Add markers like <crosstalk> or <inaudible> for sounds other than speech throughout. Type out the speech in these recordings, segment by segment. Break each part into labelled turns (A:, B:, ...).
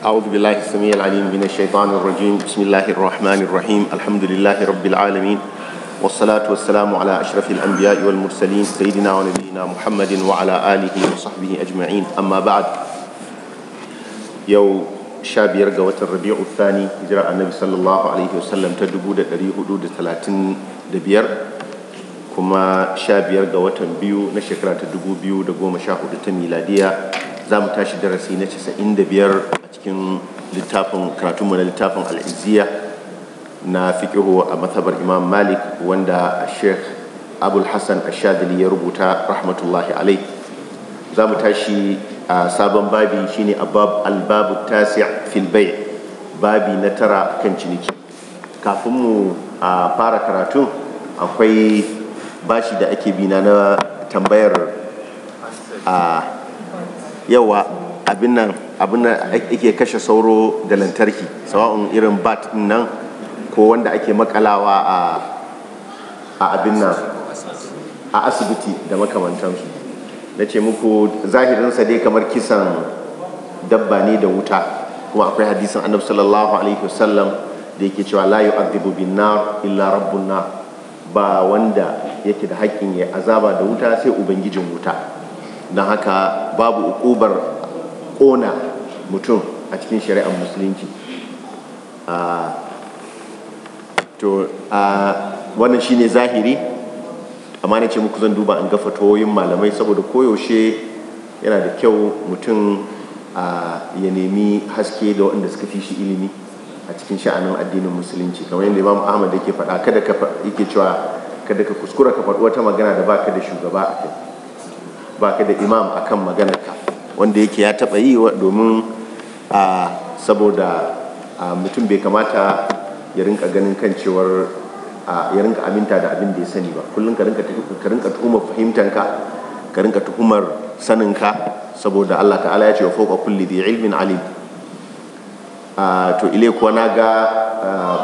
A: أعوذ بالله السميع العليم من الشيطان الرجيم بسم الله الرحمن الرحيم الحمد لله رب العالمين والصلاة والسلام على أشرف الأنبياء والمرسلين سيدنا ونبينا محمد وعلى آله وصحبه أجمعين أما بعد يو شاب يرقى الربيع الثاني إجراء النبي صلى الله عليه وسلم تدبود الأريه حدود ثلاثين دبير kuma sha biyar ga watan biyu na shekara ta dubu biyu da goma sha hudu ta miladiya za mu tashi darasi na casa'in da biyar cikin littafin karatunmu na littafin al'iziya na fiƙihu a matsabar imam malik wanda sheikh abul hassan ashadili ya rubuta rahmatullahi alai za mu tashi a sabon babi shine albabu tasi fil babi na tara kan ciniki kafin mu a fara karatun akwai bashi da ake bina na tambayar a yawa abin nan abin da ake kashe sauro da lantarki sawa'un irin bat nan ko wanda ake makalawa a abin nan a asibiti da makamantansu na ce muku zahirinsa dai kamar kisan dabba ne da wuta kuma akwai hadisin annabi sallallahu alaihi wasallam da yake cewa la yu'adhibu bin nar illa rabbun ba wanda yake da haƙƙin ya azaba da wuta sai ubangijin wuta don haka babu ukubar ƙona mutum a cikin shari'ar musulunci to wannan shine zahiri amma na ce muku zan duba an gafa fatoyin malamai saboda koyaushe yana da kyau mutum ya nemi haske da waɗanda suka fi shi ilimi a cikin sha'anin addinin musulunci kamar yadda imam ahmad yake faɗa kada ka yake cewa kada ka kuskura ka faɗi wata magana da baka da shugaba a kai baka da imam akan maganar ka wanda yake ya taɓa yi domin saboda mutum bai kamata ya rinka ganin kan cewar ya rinka aminta da abin da ya sani ba kullum ka rinka tuhumar fahimtanka ka rinka tuhumar saninka saboda Allah ta'ala ya ce wa fauka kulli da ilmin alim to ile kuwa na ga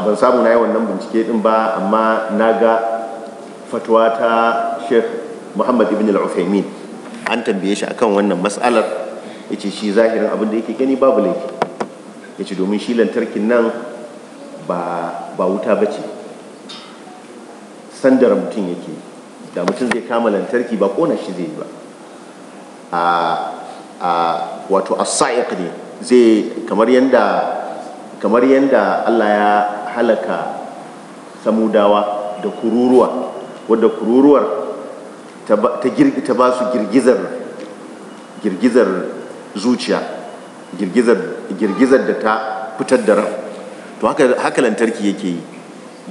A: ban samu na yi wannan bincike din ba amma na ga fatuwa ta Sheikh Muhammad ibn al-Uthaymeen an tambaye shi akan wannan matsalar ya ce shi zahirin abin da yake gani babu laifi ya ce domin shi lantarkin nan ba wuta ba ce sandar mutum yake da mutum zai kama lantarki ba kona shi zai yi ba a wato as-sa'iq ne zai kamar yadda kamar yadda Allah ya halaka samudawa da kururuwa wadda kururuwar ta ta ba su girgizar girgizar zuciya girgizar da ta fitar da ran to haka lantarki yake yi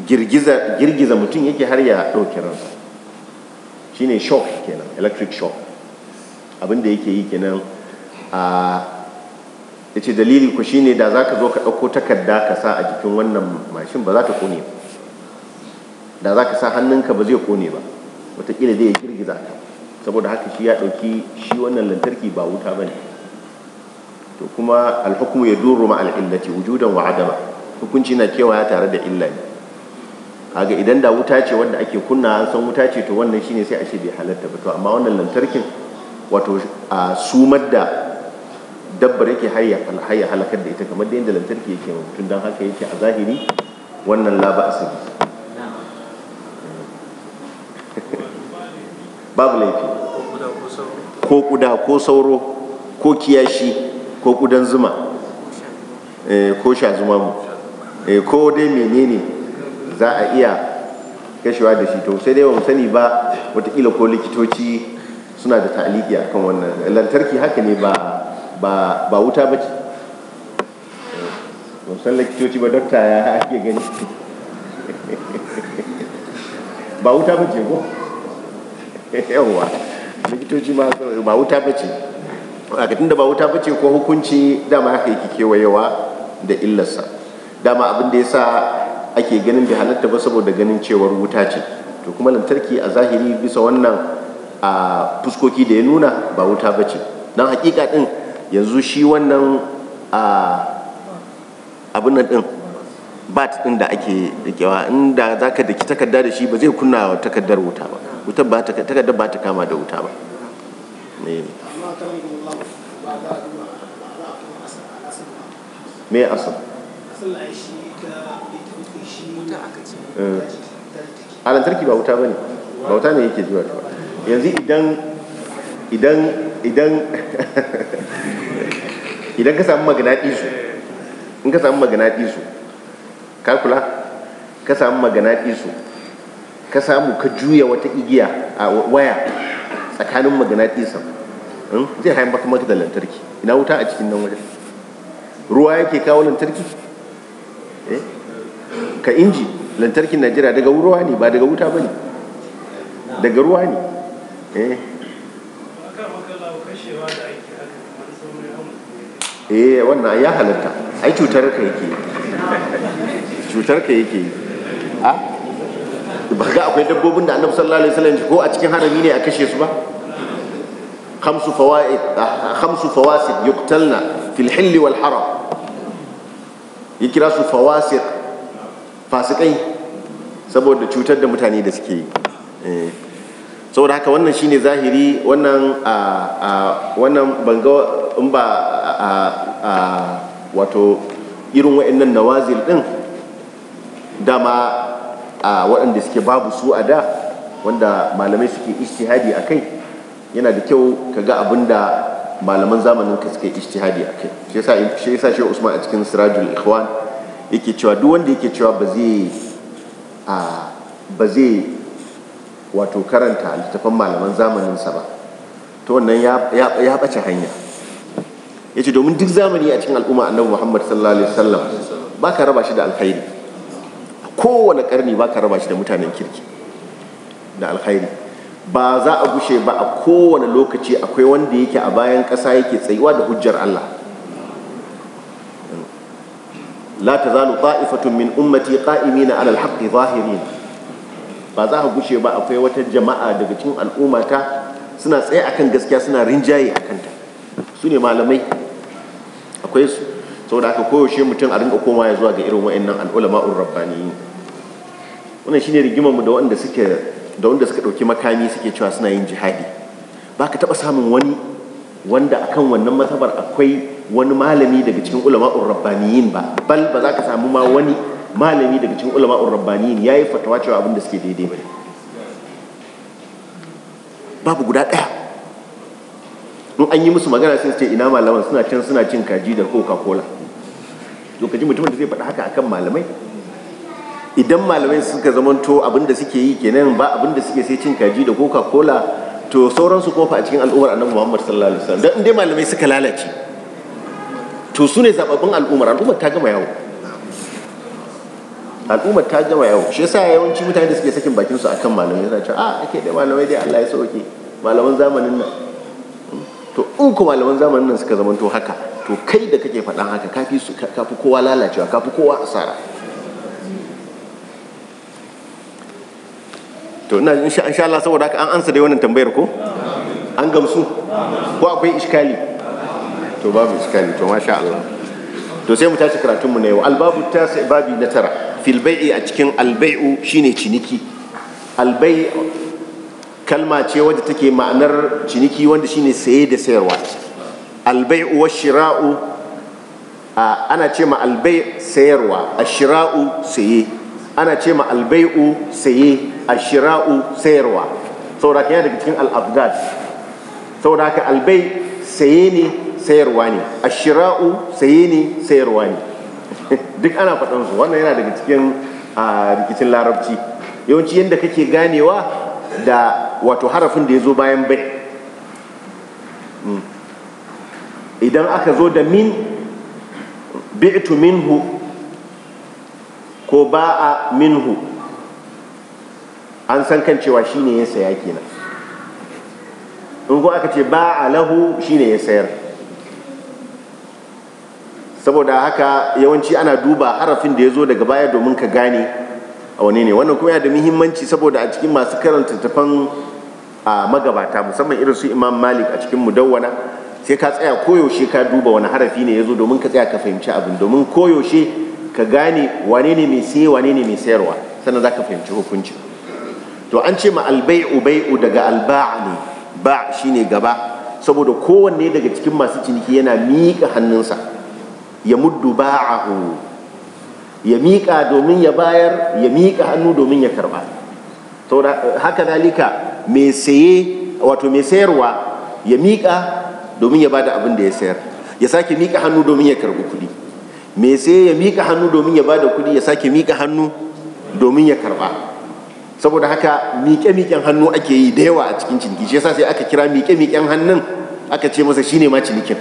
A: girgiza mutum yake har ya ɗauki shi shine shock kenan electric shock abinda yake yi kenan a ya ce dalili ku shine da za ka zo ka ɗauko takarda ka sa a jikin wannan mashin ba za ta kone ba da za ka sa hannunka ba zai kone ba watakila zai girgiza ka saboda haka shi ya ɗauki shi wannan lantarki ba wuta ba ne to kuma alhukumu ya duru ma al'illati wujudan wa adama hukunci na kewaya tare da illa ne kaga idan da wuta ce wanda ake kunna an san wuta ce to wannan shine sai a ce bai halatta ba to amma wannan lantarkin wato a sumar da dabbar yake hayya hayya halakar da ita kamar da yadda lantarki yake wa mutum don haka yake a zahiri wannan la ba babu laifi ko kuda ko sauro ko kiyashi ko kudan zuma eh, ko sha zuma mu eh, ko dai menene za a iya kashewa da shi to sai dai wani sani ba watakila ko likitoci suna da ta'aliki kan wannan lantarki haka ne ba ba ba wuta ba ce san likitoci ba dokta ya ake gani <laughs> ba wuta ba ce ko <laughs> yawwa likitoci ma ba wuta ba ce a da ba wuta bace ko hukunci dama haka yake kewayewa da illarsa dama abin da sa ake ganin da halatta ba saboda ganin cewar wuta ce to kuma lantarki a zahiri bisa wannan a fuskoki da ya nuna ba wuta bace don hakika din yanzu shi wannan abin nan din bat din da ake rikewa inda zaka daki takarda da shi ba zai kunna takardar wuta ba wutar ba takardar ba ta kama da wuta ba me eh. a lantarki ba wuta ba ne ba wuta ne yake zuwa ta yanzu idan idan idan <laughs> idan ka samu maganaɗisu in ka samu maganaɗisu ka kula ka samu maganaɗisu ka samu ka juya wata igiya a waya tsakanin magnatisan hmm, zai haifar maka da lantarki ina wuta a cikin nan wajen ruwa yake kawo lantarki eh? ka inji lantarkin najeriya daga ruwa ne ba daga wuta ba ne daga ruwa ne eh, eh wannan ya halatta ai cutar ka yake cutar ka yake yi ah? ba ga akwai dabbobin da annabi sallallahu alaihi wasallam ko a cikin harami ne a kashe su ba خمس فوائد خمس فواسد يقتلن في الحل والحرم يكرا سو فاسقين saboda cutar da mutane da suke yi saboda haka wannan shine zahiri wannan wannan banga in ba wato irin wa'annan nawazil din dama waɗanda suke babu su a da wanda malamai suke ishtihadi a kai yana da kyau ka ga abin da malaman zamanin ka suka yi ijtihadi a kai shi ya shi yasa shi Usman a cikin Sirajul Ikhwan yake cewa duk wanda yake cewa ba zai a wato karanta littafan malaman zamanin sa ba to wannan ya ya bace hanya yace domin duk zamani a cikin al'umma Annabi Muhammad sallallahu alaihi wasallam baka raba shi da alkhairi kowane karni baka raba shi da mutanen kirki da alkhairi ba za a gushe ba a kowane lokaci akwai wanda yake a bayan ƙasa yake tsayuwa da hujjar Allah la zalu ta'ifatun min ummati qa'imina 'ala al-haqqi zahirin ba za a gushe ba akwai wata jama'a daga cikin al'ummata suna tsaye akan gaskiya suna rinjaye akan ta su ne malamai akwai su saboda aka koyaushe mutum a rinka komawa zuwa ga irin wa'annan al'ulama'ur rabbaniyin wannan shine rigimar mu da wanda suke da wanda suka ɗauki makami suke cewa suna yin jihadi ba ka taɓa samun wani wanda akan wannan matsabar akwai wani malami daga cikin ulama'ur rabbaniyin ba bal ba za ka samu ma wani malami daga cikin ulama'ur rabbaniyin ya yi fatawa cewa abin suke daidai ba babu guda ɗaya in an yi musu magana sai ce ina malaman suna can suna cin kaji da coca cola to mutumin da zai faɗa haka akan malamai idan malamai suka zamanto abin da suke yi kenan ba abin da suke sai cin kaji da coca cola to sauransu kuma fa a cikin al'ummar annabi muhammad sallallahu alaihi wasallam dan inda malamai suka lalace to su ne zababbin al'ummar al'ummar ta gama yawo al'ummar ta gama yawo shi yasa yawanci mutane da suke sakin bakin su akan malamai yana cewa a ah, ake da malamai dai Allah ya sauke malaman zamanin nan to in ko malaman zamanin nan suka zamanto haka to kai da kake faɗan haka kafi kowa lalacewa kafi kowa asara to ina in sha Allah saboda haka an ansa dai wannan tambayar ko an gamsu ko akwai iskali to babu iskali to masha Allah to sai mu tashi karatun mu na yau albabu tasi babi na tara fil bai'i a cikin albai'u shine ciniki albai kalma ce wadda take ma'anar ciniki wanda shine saye da sayarwa albai'u shira'u, ana ce ma albai sayarwa ashira'u saye ana ce ma albai'u saye ashira'u sayarwa saboda ka yana daga cikin al saboda albai saye ne sayarwa ne ashira'u saye ne sayarwa ne duk ana faɗan su wannan yana daga cikin rikicin larabci yawanci yadda kake ganewa da wato harafin da ya zo bayan bai idan aka zo da min bi'tu minhu ko ba'a minhu an san kan cewa shi ne ya saya kenan in kuwa aka ce ba a lahu shi ne ya sayar saboda haka yawanci ana duba harafin da ya zo daga baya domin ka gane a wani ne wannan kuma yana da muhimmanci saboda a cikin masu karanta tafan a magabata musamman irin su imam malik a cikin mudawwana sai ka tsaya koyaushe ka duba wani harafi ne ya zo domin ka tsaya ka fahimci abin domin koyaushe ka gane wane ne mai saye wane ne mai sayarwa sannan za ka fahimci hukuncin to an ce ma albai'u bai'u daga alba'a ne ba ne gaba saboda kowanne daga cikin masu ciniki yana miƙa hannunsa ya muddu ba'ahu ya miƙa domin ya bayar ya miƙa hannu domin ya karba to haka dalika mai saye wato mai sayarwa ya miƙa domin ya bada abin da ya sayar ya sake miƙa hannu domin ya karbi kuɗi mai saye ya miƙa hannu domin ya bada kuɗi ya sake miƙa hannu domin ya karba saboda haka miƙe-miƙen hannu ake yi da yawa a cikin ciniki shi yasa sai aka kira miƙe-miƙen hannun aka ce masa shine ma cinikin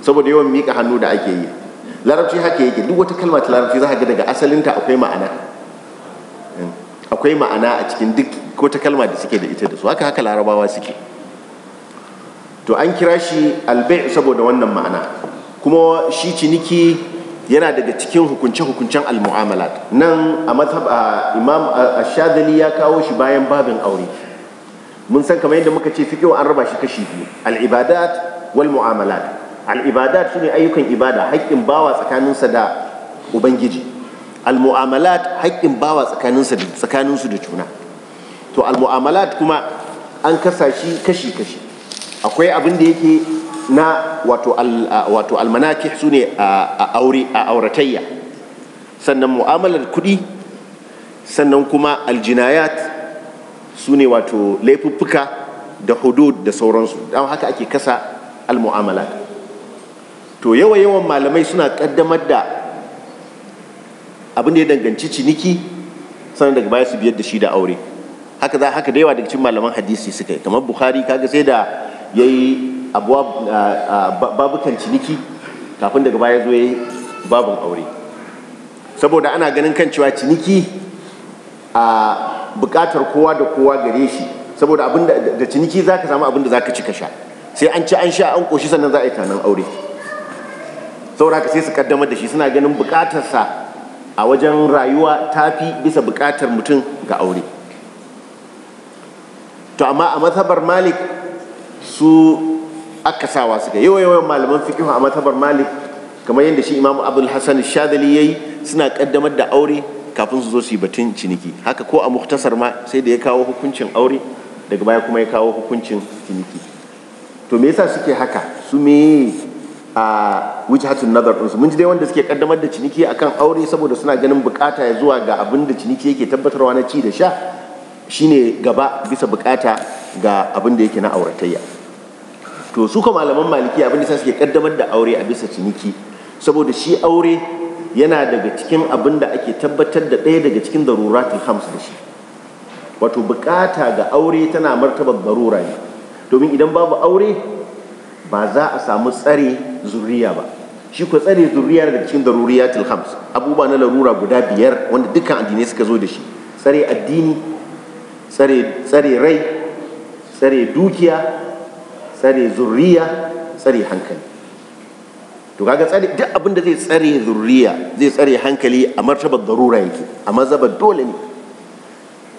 A: saboda yawan miƙa hannu da ake yi larabci haka yake duk wata kalma ta larabci za ka ga daga asalinta akwai ma'ana hmm. akwai ma'ana a cikin duk wata kalma da suke da ita da su haka haka larabawa suke to an kira shi albai saboda wannan ma'ana kuma shi ciniki yana daga cikin hukunce-hukuncen al-mu'amalat nan a mazhab imam ash ya kawo shi bayan babin aure mun san kamar yadda muka ce fiqh an raba shi kashi biyu al-ibadat wal mu'amalat al-ibadat shine ayyukan ibada haƙƙin bawa tsakaninsa da ubangiji al-mu'amalat haƙƙin bawa tsakaninsa tsakaninsu da juna to al-mu'amalat kuma an kasa shi kashi-kashi akwai abin da yake na wato almanaki su ne a auratayya sannan mu'amalar kuɗi sannan kuma aljinayat su ne wato laifuffuka da hudud da sauransu don haka ake kasa almu'amalat to yawa yawan malamai suna kaddamar da abin da ya danganci ciniki sannan daga baya su biyar da shi da aure haka za haka da yawa daga cikin malaman hadisi suka yi kamar bukhari kaga sai da yayi Uh, uh, babukan ciniki kafin daga baya zo babin aure saboda ana ganin kan cewa ciniki a bukatar kowa da kowa gare shi saboda da ciniki za ka samu abin da za ka ci ka sha sai an ci an sha an koshi sannan za a yi tanan aure saura ka sai su kaddamar da shi suna ganin bukatarsa a wajen rayuwa ta fi bisa bukatar mutum ga aure to amma a mazhabar malik su aka akasawa suka yawa yawan malaman fikihu a matabar malik kamar yadda shi imamu abul hasan shadali yi suna kaddamar da aure kafin su zo su yi batun ciniki haka ko a muktasar ma sai da ya kawo hukuncin aure daga baya kuma ya kawo hukuncin ciniki to me yasa suke haka su me a wuce hatun nazar ɗinsu mun ji dai wanda suke kaddamar da ciniki akan aure saboda suna ganin bukata ya zuwa ga abin da ciniki yake tabbatarwa na ci da sha shine gaba bisa bukata ga abin da yake na auratayya to su kuma malaman maliki abin da suke kaddamar da aure a bisa ciniki saboda shi aure yana daga cikin abin da ake tabbatar da ɗaya daga cikin daruratul hams da shi wato bukata ga aure tana martabar barura ne domin idan babu aure ba za a samu tsare zuriya ba shi ko tsare zuriya daga cikin daruriyatul hams abubuwa na larura guda biyar wanda dukkan addinai suka zo da shi tsare addini tsare rai tsare dukiya tsare zurriya tsare hankali to kaga tsare duk abin da zai tsare zurriya zai tsare hankali a martabar garura yake a mazhabar dole ne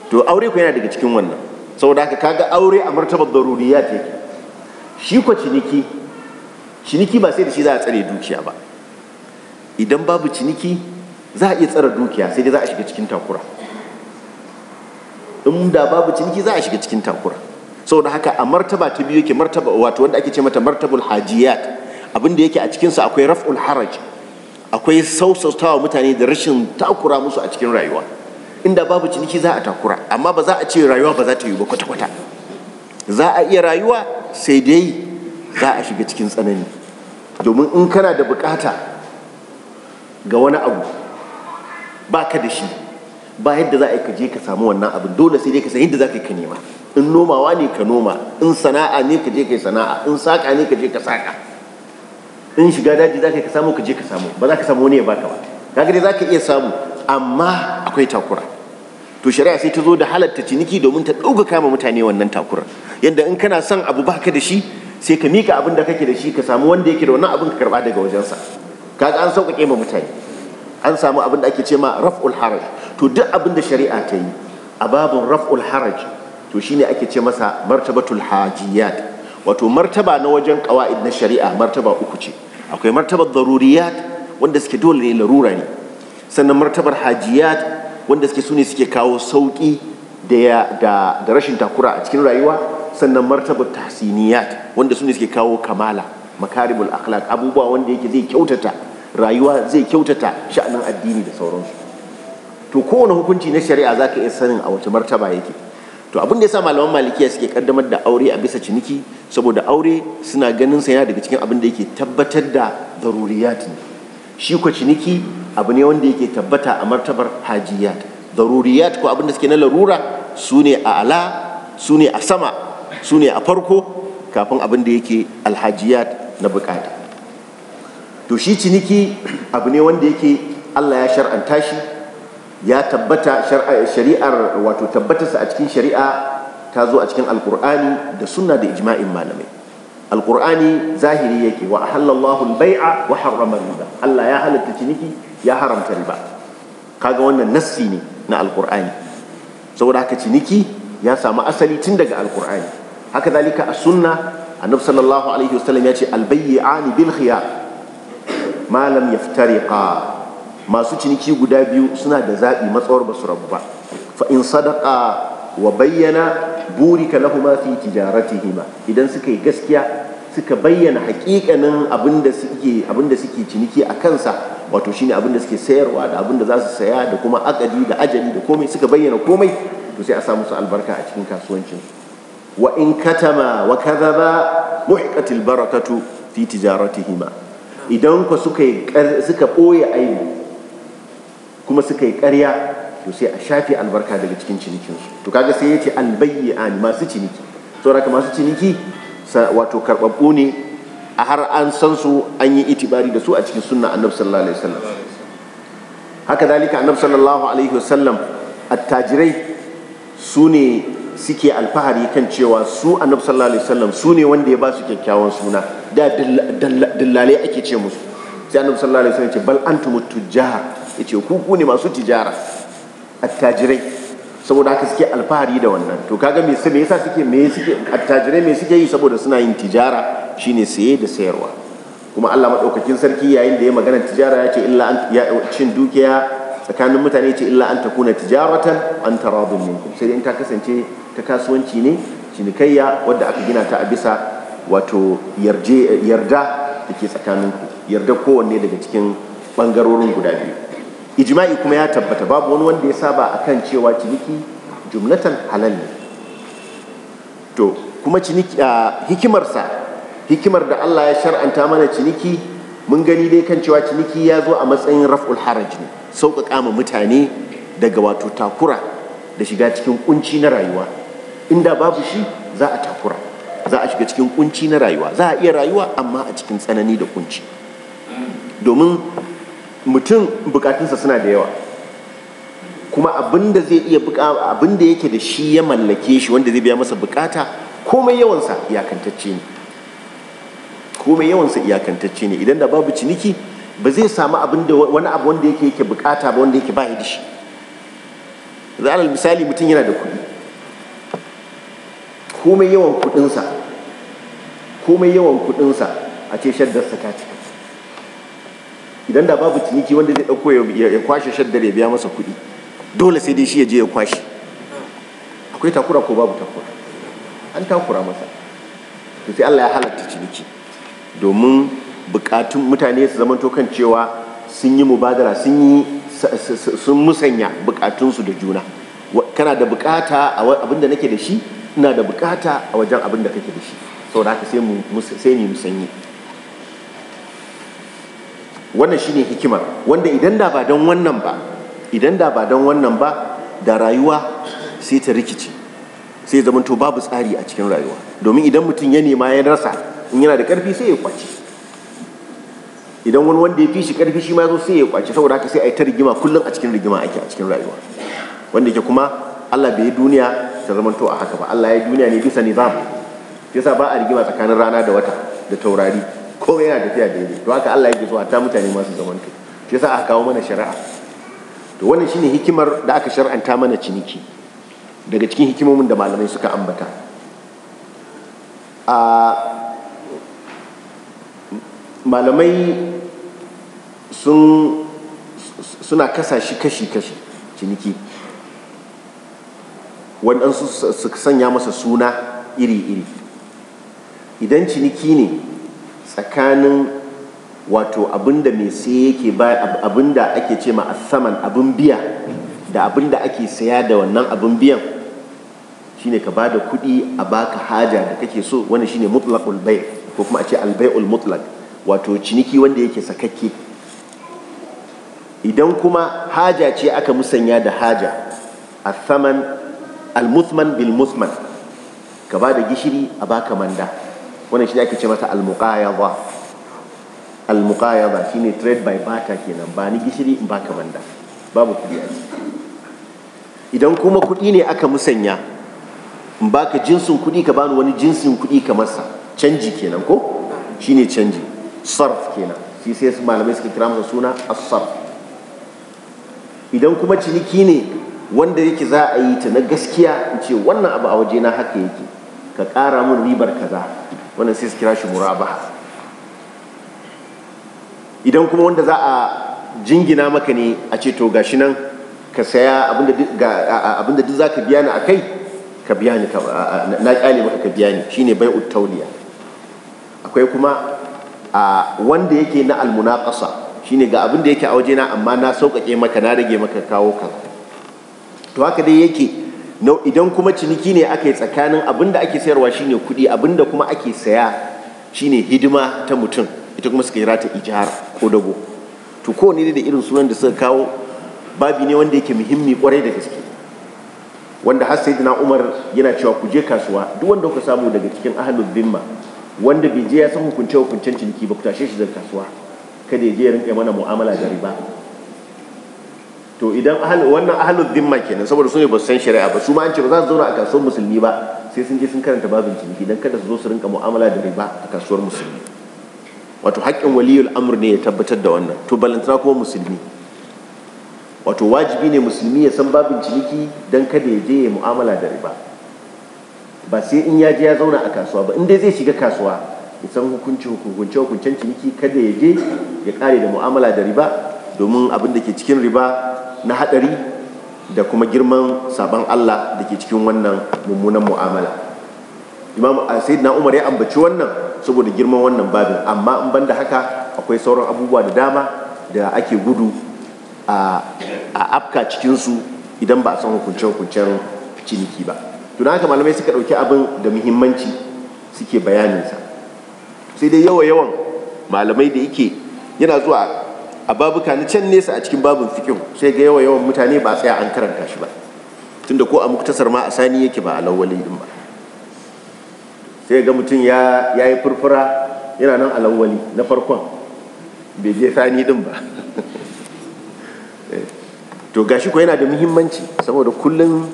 A: to aure ku yana daga cikin wannan saboda haka kaga aure a martabar ta yake shi ko ciniki ciniki ba sai da shi za a tsare dukiya ba idan babu ciniki za a iya tsare dukiya sai dai za a shiga cikin takura in da babu ciniki za a shiga cikin takura saboda haka a martaba ta biyu yake martaba wato wanda ake ce mata martabul hajiyat abin da yake a cikinsa akwai raf'ul haraj akwai sausautawa mutane da rashin takura musu a cikin rayuwa inda babu ciniki za a takura amma ba za a ce rayuwa ba za ta yi ba kwata-kwata za a iya rayuwa sai dai za a shiga cikin tsanani domin in kana da bukata ga wani abu ba ka da shi ba yadda za a yi ka je ka samu wannan abin dole sai dai ka san yadda za ka yi ka nema in nomawa ne ka noma in sana'a ne ka je ka yi sana'a in saƙa ne ka je ka saƙa in shiga daji za ka yi ka samu ka je ka samu ba za ka samu wani ya baka ba kaga dai za ka iya samu amma akwai takura to shari'a sai ta zo da halatta ciniki domin ta ɗauka kama mutane wannan takura yadda in kana son abu baka da shi sai ka mika abin da kake da shi ka samu wanda yake da wannan abin ka karba daga wajensa kaga an sauƙaƙe ma mutane an samu abin da ake ce ma raf'ul haraj to duk abin da shari'a ta yi a babun raf'ul haraj to shine ake ce masa martabatul hajiyat wato martaba na wajen qawaid na shari'a martaba uku ce akwai martabar zaruriyat, wanda suke dole ne larura ne sannan martabar hajiyat wanda suke sune suke kawo sauki da rashin takura a cikin rayuwa sannan martabar tahsiniyat wanda sune suke kawo kamala makaribul akhlaq abubuwa wanda yake zai kyautata rayuwa zai kyautata sha'anin addini da sauransu to kowane hukunci na shari'a zaka iya sanin a wace martaba yake to abin da yasa malaman malikiya suke kaddamar da aure a bisa ciniki saboda aure suna ganin sa yana daga cikin abin da yake tabbatar da zaruriyat shi ko ciniki abu ne wanda yake tabbata a martabar hajiyat zaruriyat ko abin da suke na larura su ne a ala su ne a sama su ne a farko kafin abin da yake alhajiyat na bukata to shi ciniki abu ne wanda yake Allah ya shar'anta shi ya tabbata shari'ar wato tabbatarsa a cikin shari'a ta zo a cikin alkur'ani da sunna da ijma'in malamai alkur'ani zahiri yake wa halallahu bai'a wa harrama riba Allah ya halatta ciniki ya haramta riba kaga wannan nassi ne na alkur'ani saboda haka ciniki ya samu asali tun daga alkur'ani haka zalika a sunna annabi sallallahu alaihi wasallam ya ce albayyi'ani bil khiyar ma lam yaftariqa masu ciniki guda biyu suna da zaɓi matsawar basu rabu ba fa in sadaka wa bayyana buri burika lahuma fi hima. idan suka yi gaskiya suka bayyana hakikanin abinda suke abinda suke ciniki a kansa wato shine abinda suke sayarwa da abinda za su saya da kuma akadi da ajali da komai suka bayyana komai to sai a samu su albarka a cikin kasuwancin wa in katama wa kadhaba muhiqatil barakatu fi hima. idan ku suka suka boye aini. kuma suka yi ƙarya to sai a shafe albarka daga cikin cinikinsu to kaga sai ya ce albayyani masu ciniki sauraka masu ciniki wato karɓaɓɓu ne a har an san su an yi itibari da su a cikin sunna annabi sallallahu alaihi wasallam haka dalika annabi sallallahu alaihi wasallam attajirai su ne suke alfahari kan cewa su annabi sallallahu alaihi wasallam su ne wanda ya ba su kyakkyawan suna da dillalai ake ce musu sai annabi sallallahu alaihi wasallam ce bal antumut tujjar ya ce kuku ne masu tijara attajirai saboda haka suke alfahari da wannan to kaga me me yasa suke me suke attajirai me suke yi saboda suna yin tijara shine saye da sayarwa kuma Allah madaukakin sarki yayin da ya magana tijara ya ce illa an ya cin dukiya tsakanin mutane ce illa an takuna tijaratan an taradun minkum sai in ta kasance ta kasuwanci ne cinikayya wadda aka gina ta a bisa wato yarda da ke tsakaninku yarda kowanne daga cikin ɓangarorin guda biyu ijma'i kuma ya tabbata babu wani wanda ya saba a kan cewa ciniki jumlatan halal ne to kuma ciniki hikimarsa hikimar da Allah ya shar'anta mana ciniki mun gani dai kan cewa ciniki ya zo a matsayin raf'ul haraj ne sauƙaƙa ma mutane daga wato takura da shiga cikin kunci na rayuwa inda babu shi za a takura za a shiga cikin kunci na rayuwa za a iya rayuwa amma a cikin tsanani da kunci domin mutum bukatunsa suna da yawa kuma abinda zai iya abinda yake da shi ya mallake shi wanda zai biya masa bukata komai yawansa iyakantacce ne komai yawansa iyakantacce ne idan da babu ciniki ba zai samu abinda wani abu wanda yake yake bukata ba wanda yake ba da shi za alal misali mutum yana da kuɗi komai yawan kuɗinsa komai yawan kuɗinsa a ce shaddarsa ta ce idan da babu ciniki wanda zai ɗauko ya kwashe shaddar ya biya masa kuɗi dole sai dai shi ya je ya kwashe akwai takura ko babu takura an takura masa to sai Allah ya halatta ciniki domin bukatun mutane su zamanto kan cewa sun yi mubadara sun yi sun musanya bukatunsu da juna kana da bukata a abin da nake da shi ina da bukata a wajen abin da kake da shi saboda haka sai mu musanyi wannan shine hikimar wanda idan da ba don wannan ba idan da ba don wannan ba da rayuwa sai ta rikici sai zama to babu tsari a cikin rayuwa domin idan mutum ya nema ya rasa in yana da karfi sai ya kwaci idan wani wanda ya fi shi karfi shi ma ya zo sai ya kwaci saboda haka sai a yi ta rigima kullum a cikin rigima ake a cikin rayuwa wanda yake kuma Allah bai yi duniya ta zama to a haka ba Allah ya yi duniya ne bisa nizam yasa ba a rigima tsakanin rana da wata da taurari komai yana tafiya daidai to haka Allah yake so hatta mutane masu to shi yasa aka kawo mana shari'a to wannan shine hikimar da aka shar'anta mana ciniki daga cikin hikimomin da malamai suka ambata a malamai sun suna kasa shi kashi-kashi ciniki waɗansu su sanya masa suna iri-iri idan ciniki ne tsakanin wato abinda mai sai yake ba abinda ake ce ma saman abin biya da abinda ake saya da wannan abin biyan shine ka bada kuɗi a baka haja da kake so wani shine mutlaqul bay ko kuma a ce albay'ul mutlaq wato ciniki wanda yake sakakke idan kuma haja ce aka musanya da haja a al-muthman bil muthman ka bada gishiri a baka manda wannan shi ake ce masa al-muqayadha al-muqayadha shine trade by barter kenan ba ni gishiri in baka manda babu kudi a ciki idan kuma kudi ne aka musanya in baka jinsin kudi ka bani wani jinsin kudi ka masa canji kenan ko shine canji sarf kenan shi sai su malamai suka kira masa suna as-sarf idan kuma ciniki ne wanda yake za a yi ta na gaskiya in ce wannan abu a waje na haka yake ka ƙara min ribar kaza wannan sai su kira shi murabaha idan kuma wanda za a jingina maka ne a ce to gashi nan ka saya abinda duk za ka biya ni a kai ka biya ni na kyale maka ka biya ni shine bai uttauliya akwai kuma a wanda yake na shi shine ga abin da yake a waje na amma na sauƙaƙe maka na rage maka kawo ka to haka dai yake idan kuma ciniki ne aka tsakanin abin da ake sayarwa shine kuɗi abin da kuma ake saya shine hidima ta mutum ita kuma suka yi rata ijara ko dago to kowane da irin sunan da suka kawo babi ne wanda yake muhimmi kwarai da gaske wanda har sai na umar yana cewa ku je kasuwa duk wanda kuka samu daga cikin ahalul bimma wanda bai je ya san hukunce hukuncen ciniki ba ku tashe shi daga kasuwa kada ya je ya rinka mana mu'amala da riba to idan wannan ahalul dimma kenan saboda su ne ba san shari'a ba su ma an ce ba za su zauna a kasuwar musulmi ba sai sun je sun karanta babin ciniki dan kada su zo su rinka mu'amala da riba a kasuwar musulmi wato haƙƙin waliyul amr ne ya tabbatar da wannan to balantana kuma musulmi wato wajibi ne musulmi ya san babin ciniki dan kada ya je ya mu'amala da riba ba sai in ya je ya zauna a kasuwa ba in dai zai shiga kasuwa ya san hukunci hukunce hukuncen ciniki kada ya je ya kare da mu'amala da riba domin abin da ke cikin riba na hadari da kuma girman sabon Allah da ke cikin wannan mummunan mu'amala imam na umar ya ambaci wannan saboda girman wannan babin amma in banda haka akwai sauran abubuwa da dama da ake gudu a afka cikinsu idan ba a san hukunce-hukuncen ciniki ba tuna haka malamai suka ɗauki abin da muhimmanci suke bayaninsa sai dai yawa-yawan malamai da yake yana zuwa a babuka na can nesa a cikin babin fikin sai ga yawa yawan mutane ba tsaya an karanta shi ba tunda ko a muktasar ma a sani yake ba a lawali din ba sai ga mutum ya yi furfura yana nan a lawali na farkon bai je sani din ba <laughs> eh, to gashi ko yana da muhimmanci saboda kullum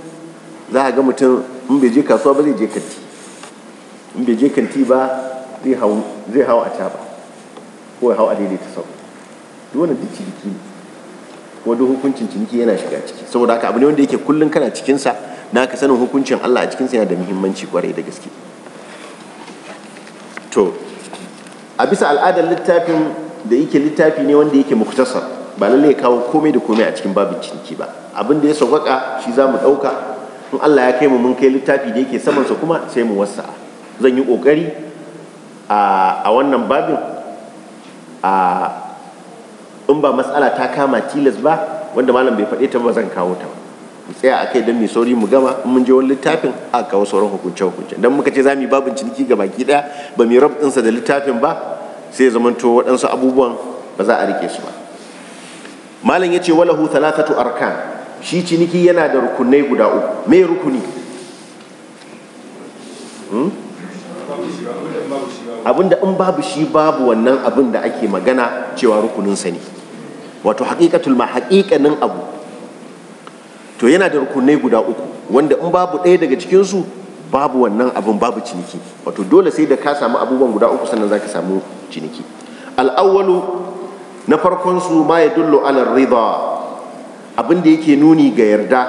A: za a ga mutum in bai je kasuwa ba zai je kanti in bai je kanti ba zai hau a ba ko ya hau a daidaita sau Dole wannan duk ciniki ne wanda hukuncin ciniki yana shiga ciki saboda haka abu ne wanda yake kullum kana cikinsa na ka sanin hukuncin Allah a cikinsa yana da muhimmanci kwarai da gaske to a bisa al'adar littafin da yake littafi ne wanda yake muktasar ba lalle ya kawo komai da komai a cikin babin ciniki ba abin da ya sauƙaƙa shi za mu ɗauka in Allah ya kai mu mun kai littafi da yake samansa kuma sai mu wasa zan yi ƙoƙari a wannan babin a in ba matsala ta kama tilas ba wanda malam bai faɗe ta ba zan kawo ta mu tsaya a kai don mai sauri mu gama in mun je wani littafin a kawo sauran hukunce hukunce don muka ce za mu babin ciniki ga baki ɗaya ba mu rab ɗinsa da littafin ba sai zamanto waɗansu abubuwan ba za a rike su ba malam ya ce walahu talatatu arkan shi ciniki yana da rukunai guda uku me rukuni hmm? abinda in babu shi babu wannan abin da ake magana cewa rukunin sa ne wato haƙiƙatul ma haƙiƙanin abu to yana da rukunai guda uku wanda in babu ɗaya daga cikinsu babu wannan abin babu ciniki wato dole sai da ka samu abubuwan guda uku sannan za ka samu ciniki al'awwalu na farkon su ma ya dullo alar rida abin da yake nuni ga yarda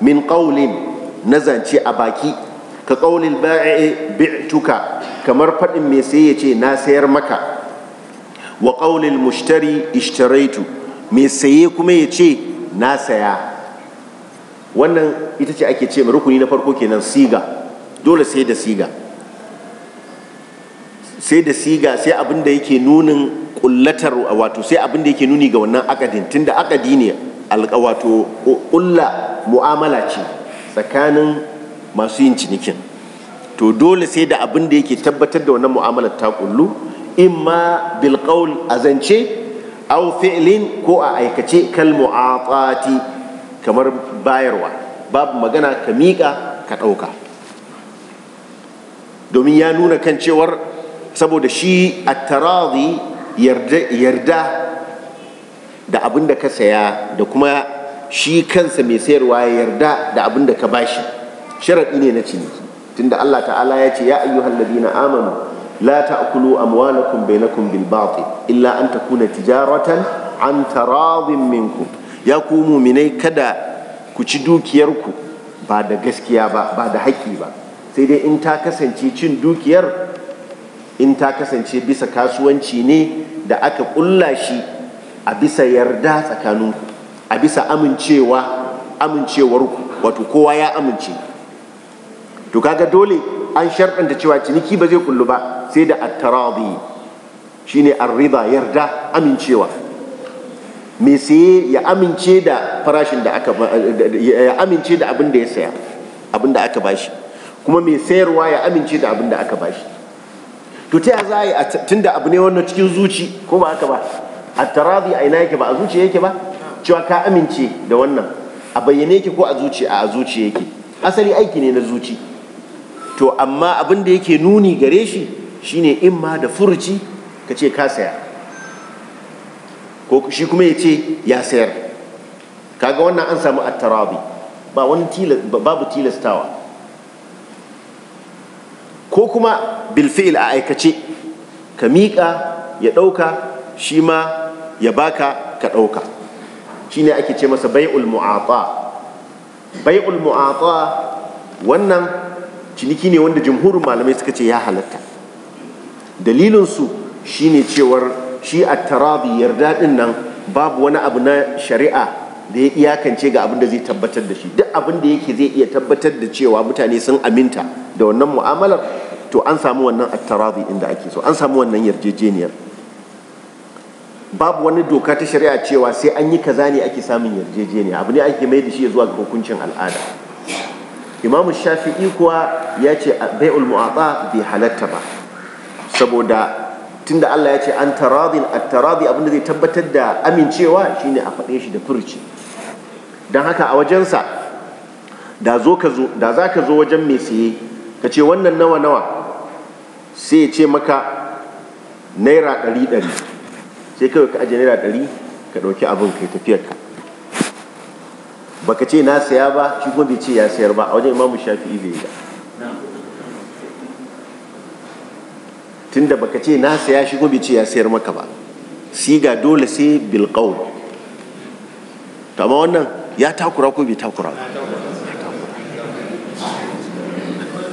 A: min ƙaulin na zance a baki ka ƙaunin ba'i bi'tuka kamar faɗin mai sai ya ce na sayar maka wa ƙaulin mushtari ishtaraitu mai saye kuma ya ce na saya wannan ita ce ake ce rukuni na farko kenan siga dole sai da siga sai da siga sai abin da yake nunin kullatar wato sai abin da yake nuni ga wannan akadin tunda akadi ne wato kulla mu'amala ce tsakanin masu yin cinikin to dole sai da abin da yake tabbatar da wannan mu'amalar ta kullu imma bilkaul a zance aw fi'lin ko a aikace kal mu'atati kamar bayarwa babu magana ka miƙa ka ɗauka domin ya nuna kan cewar saboda shi a taradi yarda da abin da ka saya da kuma shi kansa mai sayarwa ya yarda da abin da ka bashi sharaɗi ne na ciniki tunda Allah ta'ala ya ce ya ayyuhal ladina amanu la ta'kulu amwalakum bainakum bil batil illa an takuna tijaratan an taradin minkum ya ku mu'minai kada ku ci dukiyarku ba da gaskiya ba ba da haƙƙi ba sai dai in ta kasance cin dukiyar in ta kasance bisa kasuwanci ne da aka ƙulla shi a bisa yarda tsakaninku a bisa amincewarku wato kowa ya amince to kaga dole an sharɗanta cewa ciniki ba zai kullu ba sai da attaradi shine arriba yarda amincewa me saye ya amince da farashin da aka ya amince da abin da ya saya abin da aka bashi kuma mai sayarwa ya amince da abin da aka bashi to ta za a yi tunda abu ne wannan cikin zuci ko ba haka ba attaradi a ina yake ba a zuci yake ba cewa ka amince da wannan a bayyane yake ko a zuci a zuci yake asali aiki ne na zuci to amma abin da yake nuni gare shi shine in ma da furuci ka ce ka saya ko shi kuma ya ce ya sayar kaga wannan an samu attarabi ba wani babu tilastawa ko kuma bilfi'il a aikace ka miƙa ya ɗauka shi ma ya baka ka ɗauka shine ake ce masa bai'ul mu'ata bai'ul mu'ata wannan ciniki ne wanda jamhurin malamai suka ce ya halatta dalilinsu shi ne cewar shi a tarabi yarda ɗin nan babu wani abu na shari'a da ya iyakance ga abin da zai tabbatar da shi duk abin da yake zai iya tabbatar da cewa mutane sun aminta da wannan mu'amalar to an samu wannan tarabi inda ake so an samu wannan yarjejeniyar babu wani doka ta shari'a cewa sai an yi kaza ne ake samun yarjejeniya abu ne ake mai da shi zuwa ga hukuncin al'ada imamu shafi'i kuwa ya ce bai'ul mu'ata bai halatta ba saboda tunda Allah ya ce an taradin at-taradi abinda zai tabbatar da amincewa shine a faɗe shi da furci don haka a wajensa da zo za ka zo wajen mai siye ka ce wannan nawa nawa sai ya ce maka naira ɗari ɗari sai kawai ka aje naira ɗari ka ɗauki abin kai tafiyarka baka ce na saya ba shi kuma bai ce ya sayar ba a wajen imamu shafi'i bai ba tunda baka ce na saya shi kuma bai ce ya sayar maka ba siga dole sai bil qaul amma wannan ya takura ko bai takura ba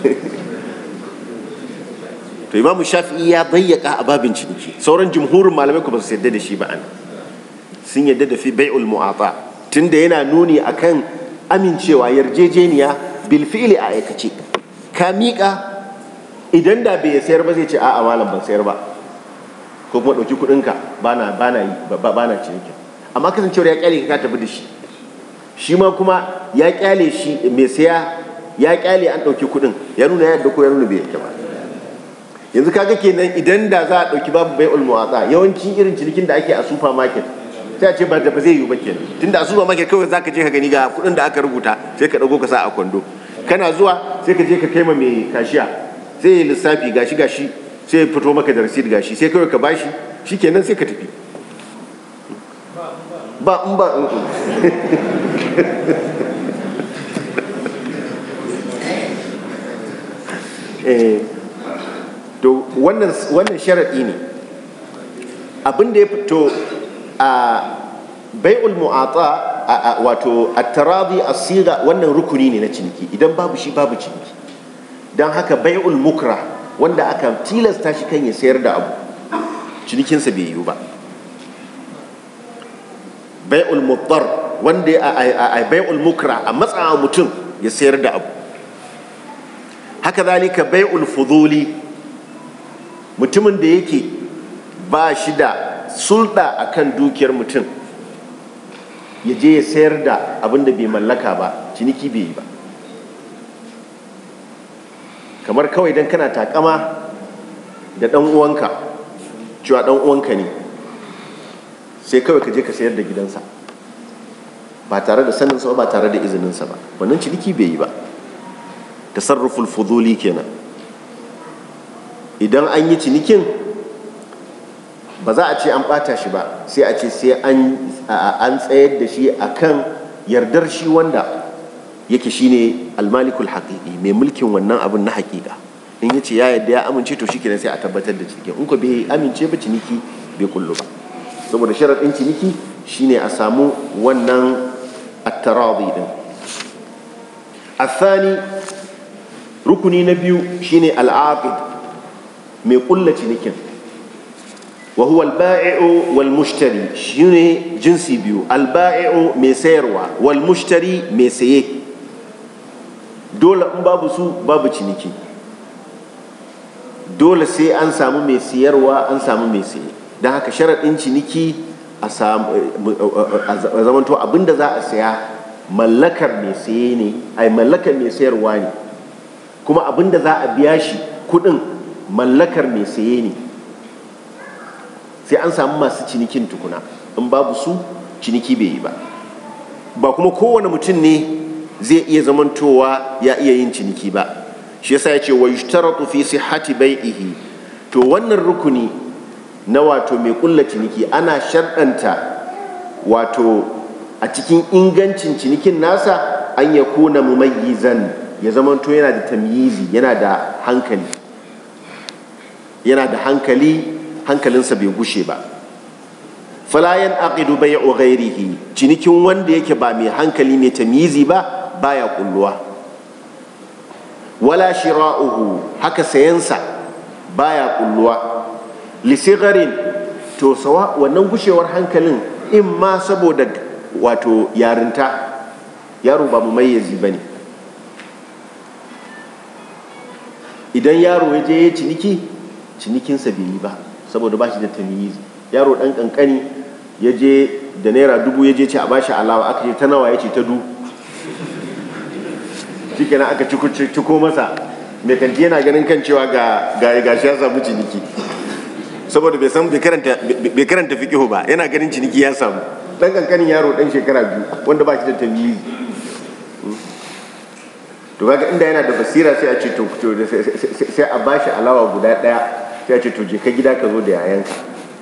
A: <laughs> to imamu shafi'i ya bayyaka a babin ciniki sauran jumhurin malamai ku ba su yadda da shi ba an sun yadda da fi bai'ul mu'ata tunda yana nuni akan amincewa yarjejeniya bil a aikace ka miƙa idan da bai sayar ba zai ce a'a malam ban sayar ba ko kuma ɗauki kuɗinka bana bana yi bana ciniki amma kasancewar ya kyale ka tafi da shi shi ma kuma ya kyale shi mai saya ya kyale an ɗauki kuɗin ya nuna yadda ko ya nuna bai yake ba yanzu kaga kenan idan da za a ɗauki babu bai ulmuwatsa yawanci irin cinikin da ake a supermarket sai a ce ba da ba zai yi ba kenan tunda a zuwa market kawai zaka je ka gani ga kuɗin da aka rubuta sai ka ɗago ka sa a kwando kana zuwa sai ka je ka kai ma mai kashiya sai ya lissafi gashi gashi sai ya fito maka da receipt gashi sai kawai ka bashi shikenan sai ka tafi ba in ba in <laughs> eh, to wannan sharaɗi ne abin da ya fito a bai'ul mu'ata wato at-taradi as-siga wannan rukuni ne na ciniki idan babu shi babu ciniki dan haka bai'ul mukra wanda aka tilasta shi kan ya sayar da abu cinikinsa bai yiwu ba bai'ul mudar wanda a bai'ul mukra a matsawa mutum ya sayar da abu haka zalika bai'ul fuduli mutumin da yake ba shi da sulɗa a kan dukiyar mutum ya je ya sayar da abin da bai mallaka ba ciniki bai yi ba kamar kawai don kana takama da ɗan uwanka cewa ɗan uwanka ne sai kawai ka je ka sayar da gidansa ba tare da saninsa ba ba tare da izininsa ba wannan ciniki bai yi ba tasarruful fuzuli kenan idan an yi cinikin ba za a ce an bata shi ba sai a ce sai an tsayar da shi a kan yardar shi wanda yake shine almalikul haƙiƙi mai mulkin wannan abin na haƙiƙa in ya ce ya yadda ya amince to shikenan sai a tabbatar da cinikin in ko bai amince ba ciniki bai kullu ba saboda sharaɗin ciniki shine a samu wannan attaradi din athani rukuni na biyu shine al'aqid mai kulla cinikin وهو البائع al شنو جنسي بيو البائع jinsi biyu al دول mai sayarwa wal تشنيكي mai سي dole in babu su babu ciniki dole sai an samu mai siyarwa an samu mai saye haka sharaɗin ciniki a zamanto abinda za a mallakar mai saye ne ai mallakar mai sayarwa ne kuma abinda za a biya shi kuɗin mallakar mai saye ne sai an samu masu cinikin tukuna in babu su ciniki bai yi ba ba kuma kowane mutum ne zai iya zamantowa ya iya yin ciniki ba shi yasa ya ce wa yushtaratu fi sihhati bai'ihi to wannan rukuni na wato mai kulla ciniki ana sharɗanta wato a cikin ingancin cinikin nasa an ya kona mumayyizan ya zamanto yana da tamyizi yana da hankali yana da hankali hankalinsa bai gushe ba falayan aqidu bai'u ghairihi cinikin wanda yake ba mai hankali mai tamizi ba baya kulluwa wala shira'uhu haka sayansa baya kulluwa lisigarin to sawa wannan gushewar hankalin in ma saboda wato yarinta yaro ba mu mayyazi ba ne idan yaro ya je ya ciniki cinikinsa bai yi ba saboda ba shi da tamyizi yaro dan kankani ya je da naira dubu ya je ce a ba shi alawa aka ce ta nawa ya ce ta du shikenan aka ciko masa mai kanti yana ganin kan cewa ga ga shi ya samu ciniki saboda bai san bai karanta fiqihu ba yana ganin ciniki ya samu dan kankanin yaro dan shekara biyu wanda ba shi da tamyizi to kaga inda yana da basira sai a ce to sai a bashi alawa guda daya sai a ce to je ka gida ka zo da yayanka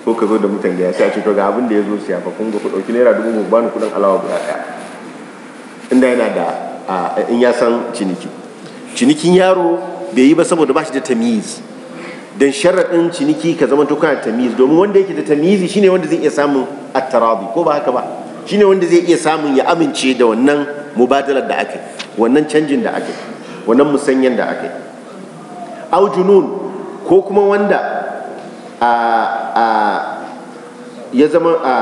A: ko ka zo da mutan gaya sai a ce to ga abin da ya zo siya fa kun ga ku dauki naira dubu mu bani kudin alawa guda daya inda yana da in ya san ciniki cinikin yaro bai yi ba saboda ba shi da tamiz dan sharaɗin ciniki ka zama to kana tamiz domin wanda yake da tamizi shine wanda zai iya samun attarabi ko ba haka ba shine wanda zai iya samun ya amince da wannan mubadalar da ake wannan canjin da ake wannan musanyen da ake au junun ko kuma wanda a a ya zama a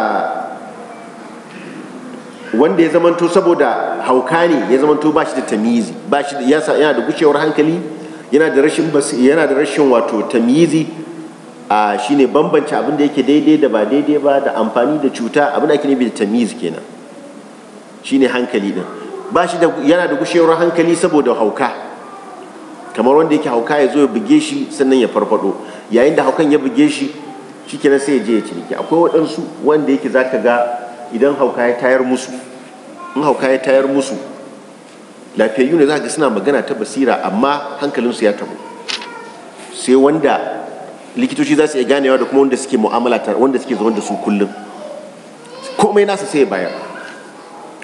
A: wanda ya zamanto saboda hauka ne ya zamanto ba shi da tamizi ba shi yana da gushewar hankali yana da rashin yana da rashin wato tamizi a shine bambance abin da yake daidai da ba daidai ba da amfani da cuta abin da ake nufi da tamizi kenan shine hankali din ba shi da yana da gushewar hankali saboda hauka kamar wanda yake hauka ya zo ya buge shi sannan ya farfado yayin da haukan ya buge shi shikenan sai ya je ya ciniki akwai waɗansu wanda yake za ka ga idan hauka ya tayar musu in hauka ya tayar musu lafiyayyu ne za ga suna magana ta basira amma hankalinsu ya tabo sai wanda likitoci za su iya ganewa da kuma wanda suke mu'amala wanda suke zaune da su kullum komai nasa sai ya bayar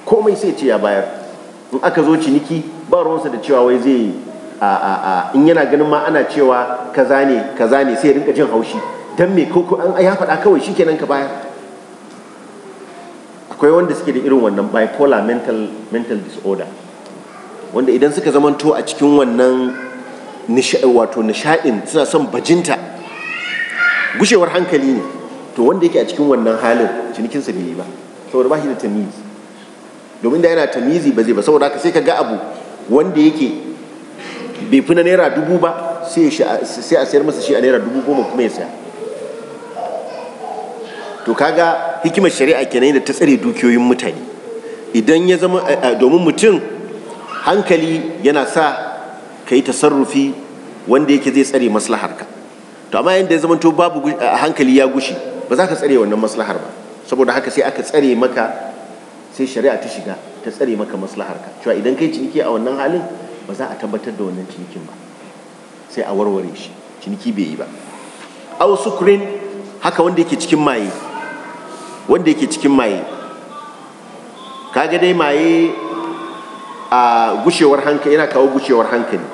A: komai sai ce ya bayar in aka zo ciniki ba ruwansa da cewa wai zai a in yana ganin ma ana cewa kaza ne kaza ne sai ya rinka jin haushi dan me ko an ya faɗa kawai shikenan ka baya akwai wanda suke da irin wannan bipolar mental mental disorder wanda idan suka zamanto a cikin wannan wato nishaɗin suna son bajinta gushewar hankali ne to wanda yake a cikin wannan halin cinikinsa bai yi ba saboda ba shi da tamizi domin da yana tamizi ba zai ba saboda haka sai ka ga abu wanda yake bai fi na naira dubu ba sai a sayar masa shi a naira dubu goma kuma ya saya to kaga hikimar shari'a kenan da ta tsare dukiyoyin mutane idan ya zama eh, eh, domin mutum hankali yana sa ka yi tasarrufi wanda yake zai tsare maslahar ka to amma yadda ya zama to babu eh, hankali ya gushi ba za ka tsare wannan maslahar ba saboda haka sai aka tsare maka sai shari'a ta shiga ta tsare maka maslahar maslaharka cewa idan kai ciniki a wannan halin ba za a tabbatar da wannan cinikin ba sai a warware shi ciniki bai yi ba au kurin haka wanda yake cikin maye wanda yake cikin maye kaga dai maye a gushewar hankali yana kawo gushewar hankali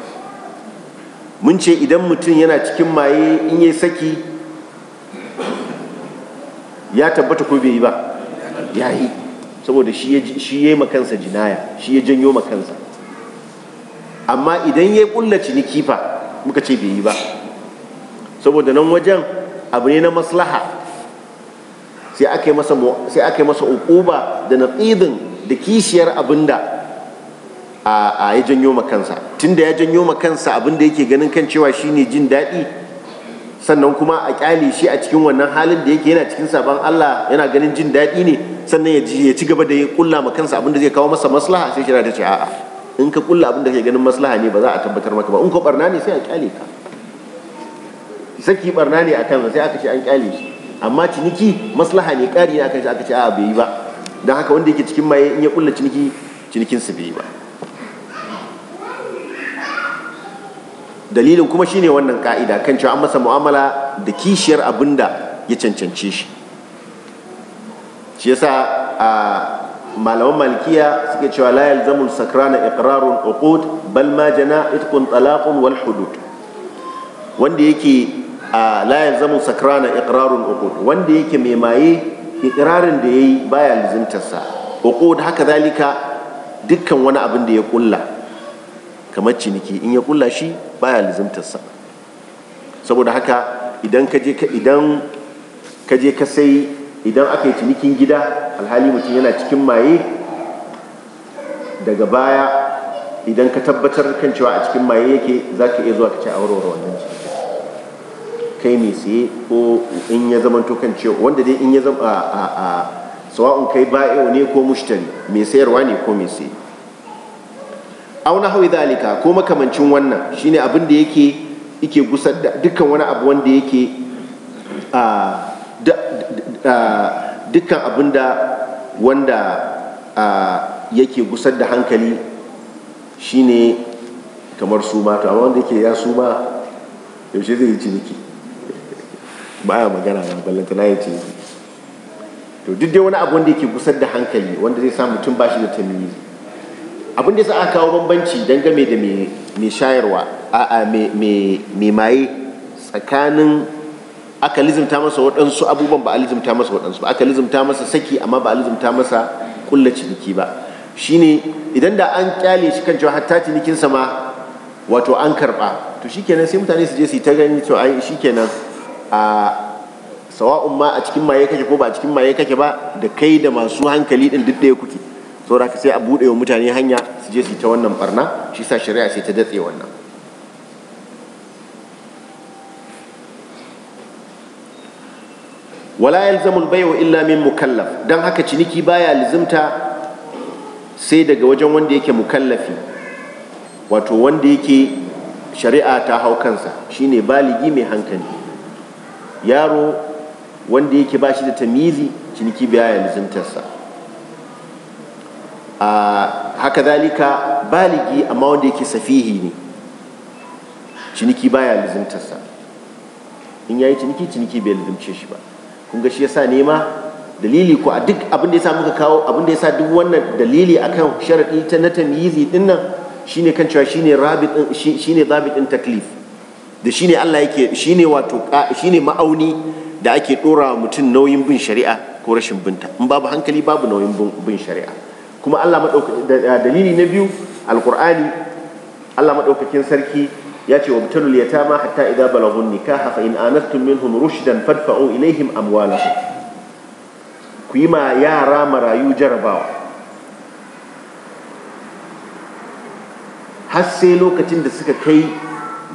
A: mun ce idan mutum yana cikin maye in yi saki ya tabbata ko bai yi ba ya yi saboda shi ya yi makansa jinaya shi ya janyo makansa amma idan ya kulla ciniki fa muka ce bai yi ba saboda nan wajen abu ne na maslaha sai aka yi masa ukuba da na tsidin da kishiyar abinda a ya janyo makansa da ya janyo makansa abinda yake ganin kan cewa shine jin daɗi sannan kuma a kyale shi a cikin wannan halin da yake yana cikin sabon Allah yana ganin jin daɗi ne sannan ya ci gaba da ya kulla makansa abinda zai kawo masa maslaha sai shi da ce a'a in ka kulla abin da ke ganin maslaha ne ba za a tabbatar maka ba in ko barna ne sai a kyale ka saki barna ne a sai aka ce an kyale shi amma ciniki maslaha ne kari ne akan shi aka ce a bai yi ba don haka wanda yake cikin maye in ya kulla ciniki cinikin su bai yi ba dalilin kuma shine wannan ka'ida kan cewa an masa mu'amala da kishiyar abin da ya cancance shi shi yasa a ah, malaman malkiya suke cewa la yalzamu sakrana iqrarun uqud bal ma jana itqun talaqun wal hudud wanda yake la yalzamu sakrana iqrarun uqud wanda yake mai maye iqrarin da yayi baya lizuntar sa uqud haka zalika dukkan wani abin da ya kulla kamar ciniki in ya kulla shi baya lizuntar sa saboda haka idan ka ka idan ka ka sai idan aka yi cinikin gida alhali mutum yana cikin maye daga baya idan ka tabbatar kan cewa a cikin maye yake za ka iya zuwa ka a aurora wannan cikin kai mai saye ko in ya zama to kan cewa wanda dai in ya zama a a sawa'un kai ba'i'u ne ko mushtari mai sayarwa ne ko mai saye auna hawi zalika ko makamancin wannan shine abin da yake yake gusar da dukkan wani abu wanda yake a dukkan abinda wanda yake gusar da hankali shine kamar suma to amma wanda yake ya suma yaushe zai yi ciniki <laughs> ba a magana na ballanta na yi ciniki to duk dai wani abu wanda yake gusar da hankali wanda zai sa mutum ba shi da tamimi abin da sa aka kawo bambanci game da mai shayarwa a'a mai maye tsakanin aka lizimta masa waɗansu abubuwan ba a lizimta masa waɗansu ba aka lizimta masa saki amma ba a lizimta masa kulla ciniki ba shine idan da an kyale shi kan cewa hatta cinikinsa ma wato an karɓa to shikenan sai mutane su je su yi ta gani to ai shikenan a sawa'un ma a cikin maye kake ko ba a cikin maye kake ba da kai da masu hankali din duk ɗaya kuke saboda sai a buɗe wa mutane hanya su je su yi ta wannan barna shi sa shari'a sai ta datse wannan wala yalzamul bai'u illa min mukallaf dan haka ciniki baya lizimta sai daga wajen wanda yake mukallafi wato wanda yake shari'a ta hau kansa shine baligi mai hankali yaro wanda yake ba shi da tamizi ciniki baya lizimtarsa a haka zalika baligi amma wanda yake safihi ne ciniki baya lizimtarsa in yayi ciniki ciniki bai lizimce shi ba kun ga shi yasa nema dalili ko a duk abin da yasa muka kawo abin da yasa duk wannan dalili akan sharadi ta na tamyizi din nan shine kan cewa shine rabit din taklif da shine Allah yake shine wato shine ma'auni da ake dora mutum nauyin bin shari'a ko rashin binta in babu hankali babu nauyin bin shari'a kuma Allah madaukakin dalili na biyu alqur'ani Allah madaukakin sarki ya ce wa ta ma hatta idza balagun nikaha fa in anastum minhum rushdan fadfa'u ilaihim amwalahum ku yi ma yara marayu jarabawa har sai lokacin da suka kai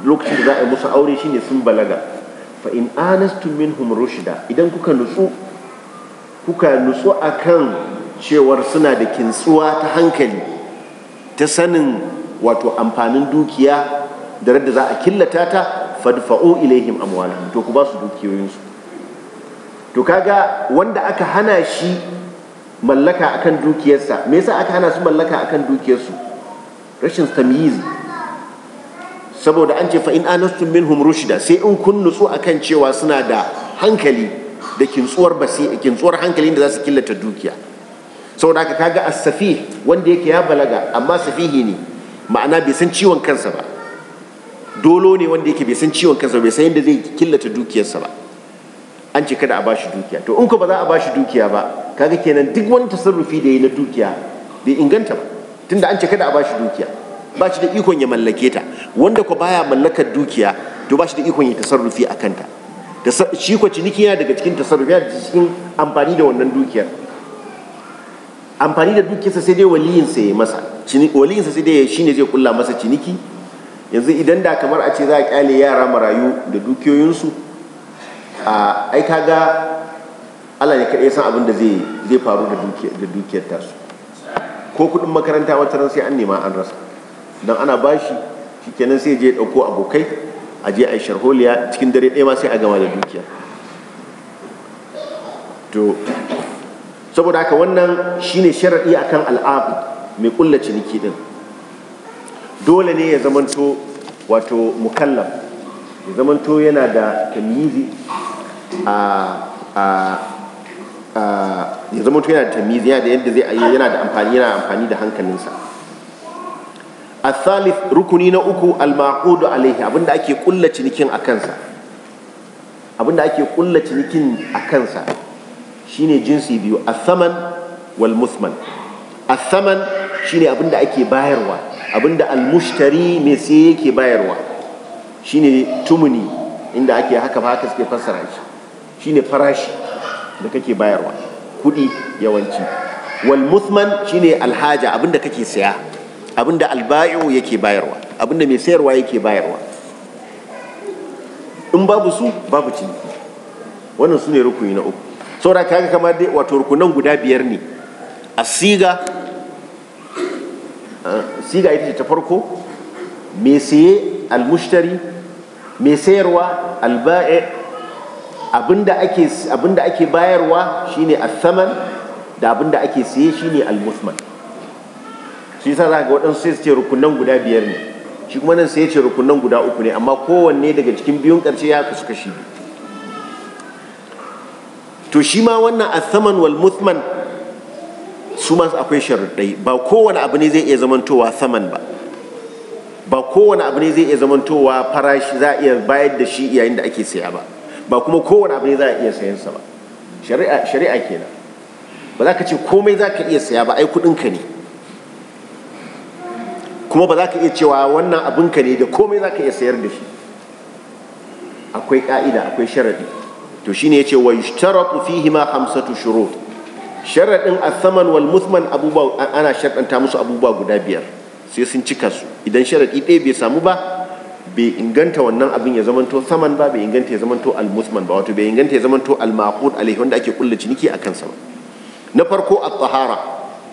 A: lokacin da za a yi musu aure shine sun balaga fa in anastum minhum rushda idan kuka nutsu kuka nutsu akan cewar suna da kintsuwa ta hankali ta sanin wato amfanin dukiya da za a killata ta fadfa'u ilaihim amwalahum to ku ba su dukiyoyinsu to kaga wanda aka hana shi mallaka akan dukiyarsa me yasa aka hana su mallaka akan dukiyarsu rashin tamyiz saboda an ce fa in anastum minhum rushda sai in kun nutsu akan cewa suna da hankali da kintsuwar basi kintsuwar hankali da za su killata dukiya saboda haka kaga as-safih wanda yake ya balaga amma safihi ne ma'ana bai san ciwon kansa ba dolo ne wanda yake bai san ciwon kansa bai san yadda zai killata dukiyarsa ba an ce kada a ba shi dukiya to in ko ba za a ba shi dukiya ba kaga kenan duk wani tasarrufi da yi na dukiya bai inganta ba tunda an ce kada a ba shi dukiya ba shi da ikon ya mallake ta wanda ko baya mallakar dukiya to ba shi da ikon ya tasarrufi a kanta shi ko ciniki yana daga cikin tasarrufi yana daga cikin amfani da wannan dukiyar amfani da dukiyarsa sai dai waliyinsa ya masa waliyinsa sai dai shine zai kulla masa ciniki yanzu idan da kamar a ce za a kyale yara marayu da dukiyoyinsu a ai kaga Allah ne kaɗai san abin da zai faru da dukiyar tasu ko kuɗin makaranta wata ran sai an nema an rasa don ana bashi shikenan sai je dauko abokai a je a sharholiya cikin dare ɗaya ma sai a gama da dukiya to saboda haka wannan shine sharaɗi akan al'abu mai ƙulla ciniki ɗin dole ne ya zamanto wato mukallaf ya zamanto yana da tamizi a a ya zamanto yana da tamizi yana da yadda zai yana da amfani yana amfani da hankalinsa الثالث rukuni na uku المعقود alaihi abinda ake kulla cinikin a kansa abinda ake kulla cinikin a kansa shine jinsi biyu athaman wal musman athaman shine abinda ake bayarwa abinda almushtari mai sai yake bayarwa shine tumuni inda ake haka haka suke fassara shi shine farashi da kake bayarwa kuɗi yawanci wal muthman shine alhaja abinda kake saya abinda albayo yake bayarwa abinda mai sayarwa yake bayarwa in babu su babu ciniki wannan su ne rukuni na uku saura kaga kamar dai wato rukunan guda biyar ne asiga siga ita ce ta farko mai saye almushtari mai sayarwa alba'i abinda ake abinda bayarwa shine athaman da abinda ake saye shine almuthman shi sa za ga waɗansu sai su ce rukunan guda biyar ne shi kuma nan sai ce rukunan guda uku ne amma kowanne daga cikin biyun ƙarshe ya kasu kashi to shi ma wannan athaman wal musman su ma akwai sharuɗai ba kowane abu ne zai iya zamantowa saman ba ba kowane abu ne zai iya zamantowa farashi za a iya bayar da shi yayin da ake saya ba ba kuma kowane abu ne za a iya sayan sa ba shari'a shari'a kenan ba za ka ce komai za ka iya saya ba ai kuɗin ka ne kuma ba za ka iya cewa wannan abin ka ne da komai za ka iya sayar da shi akwai ka'ida akwai sharadi to shine yace wa yushtaratu fihi ma khamsatu shurut sharaɗin saman wal musman abubuwa ana sharɗanta musu abubuwa guda biyar sai sun cika su idan sharaɗi ɗaya bai samu ba bai inganta wannan abin ya zamanto saman ba bai inganta ya zamanto al musman ba wato bai inganta ya zamanto al maqud alaihi wanda ake kulle ciniki a kansa ba na farko at tahara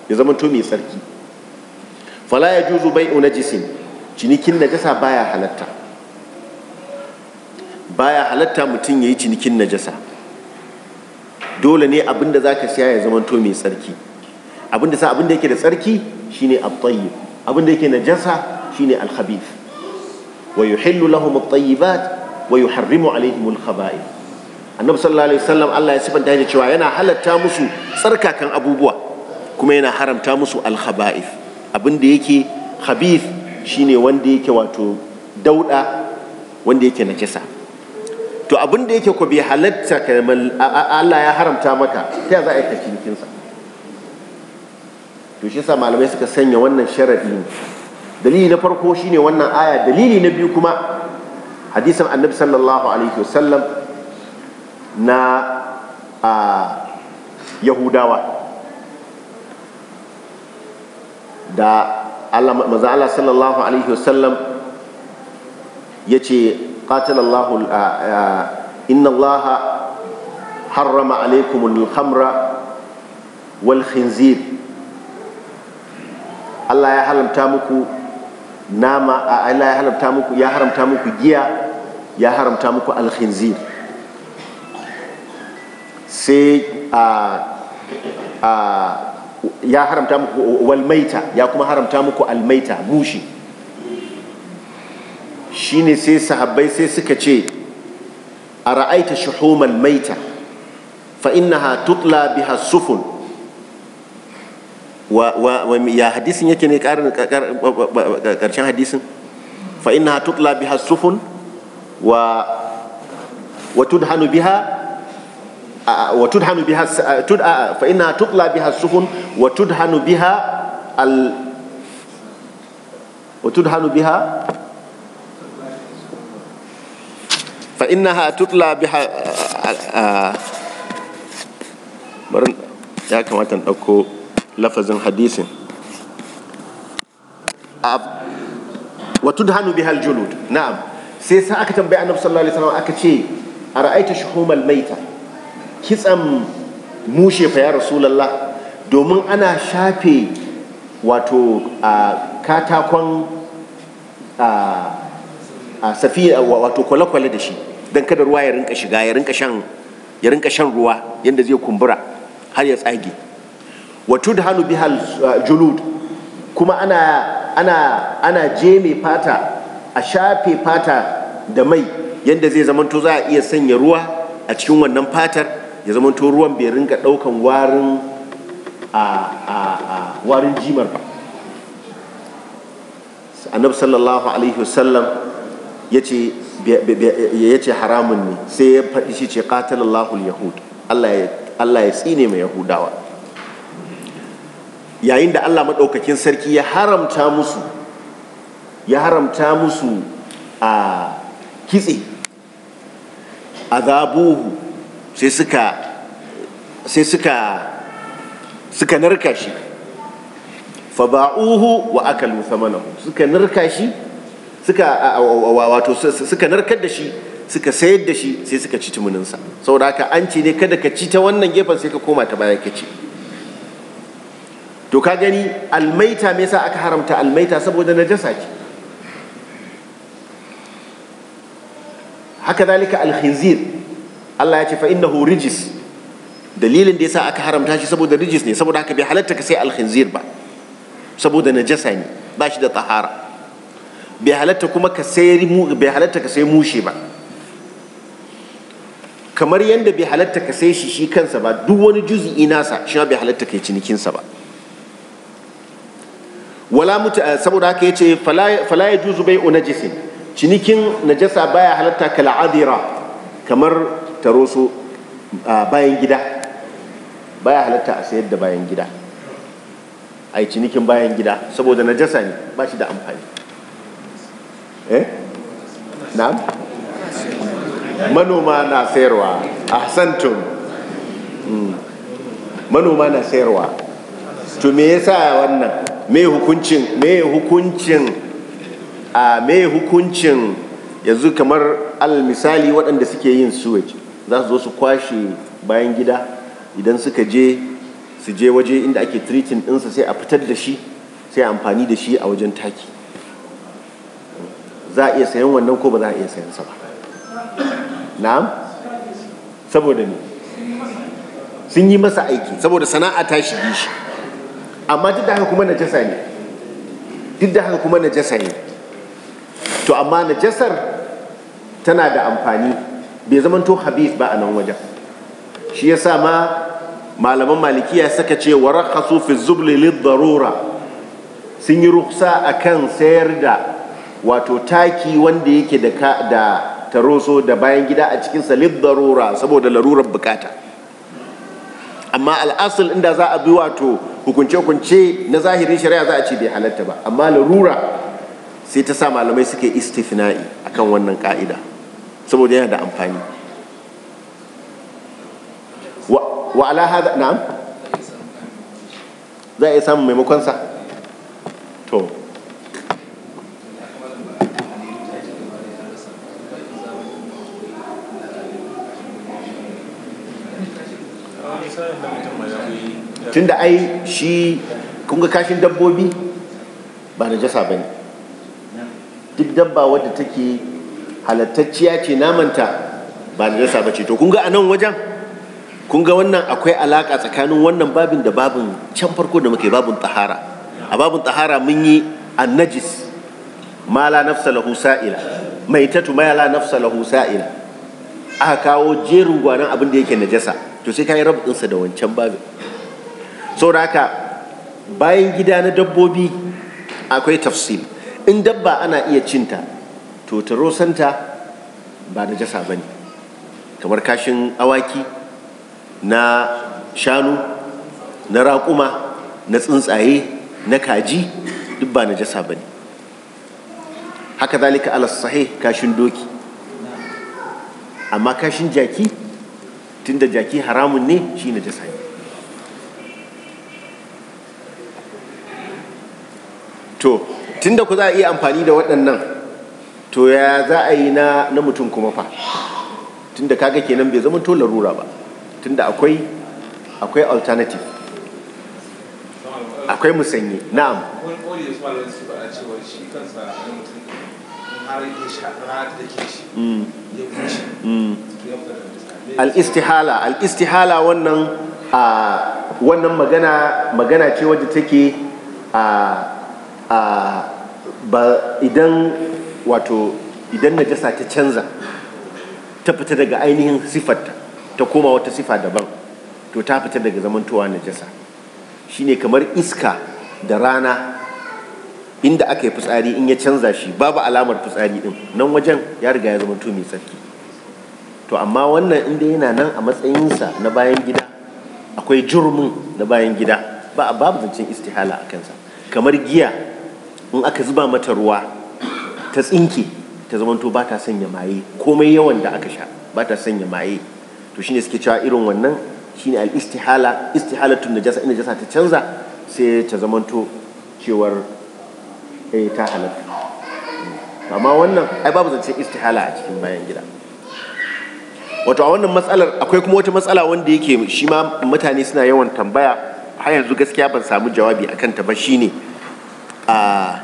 A: ya zamanto mai tsarki fala yajuzu bai'u najisin cinikin najasa baya halatta baya halatta mutum yayi cinikin najasa dole ne abin da ka siya ya zamanto mai tsarki abin da sa abin da yake da tsarki shine at abin da yake najasa shine al-khabith wa yuhillu lahum at-tayyibat wa yuharrimu alaihim al-khaba'ith annabi sallallahu alaihi wasallam Allah ya sifanta shi cewa yana halatta musu tsarkakan abubuwa kuma yana haramta musu al-khaba'ith abin da yake khabith shine wanda yake wato dauda wanda yake najasa to abin da yake ku bai halatta ka Allah ya haramta maka ta za a yi cinikin sa to shi sa malamai suka sanya wannan sharadi ne dalili na farko shine wannan aya dalili na biyu kuma hadisin annabi sallallahu alaihi wasallam na yahudawa da Allah maza Allah sallallahu alaihi wasallam ya ce qatalallahu uh, uh, inna allaha harrama alaikum al-khamra wal khinzir Allah uh, ya haramta muku giya ya haramta muku al sai ya haramta muku walmaita ya kuma haramta muku almaita bushe. shine sai sahabbai sai suka ce a ra'aita shuhumal maita fa innaha tutla biha sufun wa ya hadisin yake ne karin karshen hadisin fa innaha tutla biha sufun wa wa tudhanu biha fa innaha tutla biha barin ya kamata in ɗauko lafazin hadisin wa tudhanu bihal julud na'am sai sa aka tambayi annabi sallallahu alaihi wasallam aka ce ara'aita shuhumal maita kitson mushe fa ya rasulullah domin ana shafe wato katakon a safiya wato kwale-kwale da shi don kada ruwa ya rinka shiga ya rinka shan ya rinka shan ruwa yadda zai kumbura har ya tsage wa tudhanu bihal julud kuma ana ana ana jeme fata a shafe fata da mai yadda zai zamanto za a iya sanya ruwa a cikin wannan fatar ya zamanto ruwan bai rinka daukan warin a warin jimar ba annabi sallallahu alaihi wasallam ya ce ya ce haramun ne sai ya faɗi shi ce qatalallahu yahud Allah ya tsine mai yahudawa yayin da Allah maɗaukakin sarki ya haramta musu ya haramta musu a kitse zabuhu sai suka sai suka suka narka shi fa ba'uhu wa akalu thamanahu suka narka shi suka wato suka narkar da shi suka sayar da shi sai suka ci tumuninsa saboda haka an ce ne kada ka ci ta wannan gefen sai ka koma ta baya ka ci to ka gani almaita me yasa aka haramta almaita saboda najasa ce haka zalika alhinzir, Allah ya ce fa innahu rijis dalilin da yasa aka haramta shi saboda rijis ne saboda haka bai halatta ka sai alhinzir ba saboda najasa ne ba shi da tahara bai halatta kuma ka bai sai mushe ba kamar yadda bai halatta ka sai shi shi kansa ba duk wani juzi'i nasa shi bai halatta kai cinikinsa ba wala mutu saboda haka yace fala ya juzu bai najisin cinikin najasa baya halatta kal adira kamar taroso bayan gida baya halatta a sayar da bayan gida a cinikin bayan gida saboda najasa ne ba shi da amfani eh na'am manoma na sayarwa ahsantum hmm. manoma na sayarwa to me yasa wannan me hukuncin me hukuncin a me hukuncin yanzu kamar al misali waɗanda suke yin sewage za su zo su kwashe bayan gida idan suka je su je waje inda ake treating ɗinsa sai a fitar da shi sai amfani da shi a wajen taki za a iya sayan wannan ko ba za a iya sayan sa ba na'am saboda ne sun yi masa aiki saboda sana'a ta shige shi amma duk da haka kuma na jasa ne duk da haka kuma na jasa ne to amma na jasar tana da amfani bai zamanto habis ba a nan wajen shi ya sa ma malaman malikiya saka ce wa fi zubli lid sun yi ruksa kan sayar da wato taki wanda yake da da taroso da bayan gida a cikin salib darura saboda larurar bukata amma al'asul inda za a bi wato hukunce-hukunce na zahirin shari'a za a ce bai halatta ba amma larura sai ta sa malamai suke istifna'i akan wannan ka'ida saboda yana da amfani wa alaha na'am za a iya samun maimakonsa? to da ai shi kunga kashin dabbobi ba da jasa ba ne duk dabba wadda take halattacciya ce namanta ba da jasa ba ce to kunga a nan wajen kunga wannan akwai alaka tsakanin wannan babin da babin can farko da muke babin tahara a babin tahara mun yi annajis ma la nafsa lahu sa'ila mai tatu ma la nafsa lahu sa'ila aka kawo jerin gwanan abin da yake najasa to sai ka yi da wancan babin da haka bayan gida na dabbobi akwai tafsil in dabba ana iya cinta to ta rosanta ba da jasa ba ne kamar kashin awaki na shanu na raƙuma na tsuntsaye na kaji duk ba na jasa ba ne haka zalika alas sahih kashin doki amma kashin jaki tunda jaki haramun ne shi najasa ne to tunda ku za a iya amfani da waɗannan to ya za a yi na mutum kuma fa tunda kaga kenan bai zama to larura ba tunda akwai akwai alternative akwai musanye na'am har ya Al'istihala al’istihala al-istihala wannan magana magana ce wadda take ba idan wato idan najasa ta canza ta fita daga ainihin sifarta ta koma wata sifa daban to ta fita daga zamantowa najasa shine kamar iska da rana inda aka yi fitsari in ya canza shi babu alamar fitsari din nan wajen ya riga ya zamanto mai tsarki to amma wannan inda yana nan a matsayinsa na bayan gida akwai jurmin na bayan gida ba a babu zancen istihala a kansa kamar giya in aka zuba mata ruwa ta tsinke ta zamanto ba ta sanya maye komai yawan da aka sha ba ta sanya maye to shine suke cewa irin wannan shine al istihala istihalatun najasa inda najasa ta canza sai ta zamanto cewar eh ta halatta amma wannan ai babu zancen istihala a cikin bayan gida wato a wannan matsalar akwai kuma wata matsala wanda yake shi ma mutane suna yawan tambaya har yanzu gaskiya ban samu jawabi akan ta ba shine a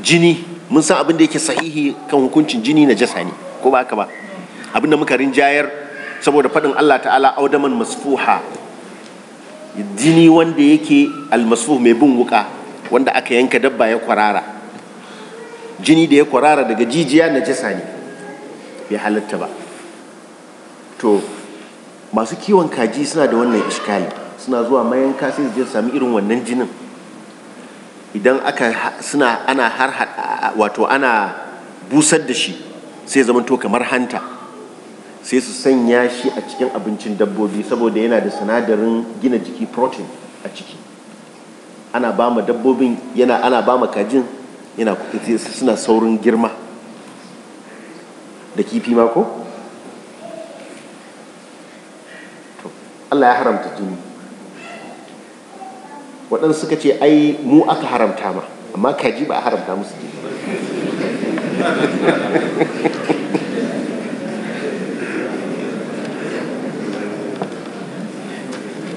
A: jini mun san abin da yake sahihi kan hukuncin jini na jasa ne ko ba haka ba abin da muka rinjayar saboda faɗin Allah ta'ala audaman masfuha jini wanda yake almasfuh mai bin wuka wanda aka yanka dabba ya kwarara jini da ya kwarara daga jijiya na jasa ne ya halatta ba to masu kiwon kaji suna da wannan iskali suna zuwa mayanka sai su je sami irin wannan jinin idan aka suna ana har wato ana busar da shi sai zama to kamar hanta sai su sanya shi a cikin abincin dabbobi saboda yana da sinadarin gina jiki protein a ciki ana ba ma dabbobin yana ana ba ma kajin yana suna saurin girma da kifi ma ko Allah ya haramta jini waɗansu suka ce ai mu aka haramta ma amma kaji ba a haramta musu jini <laughs>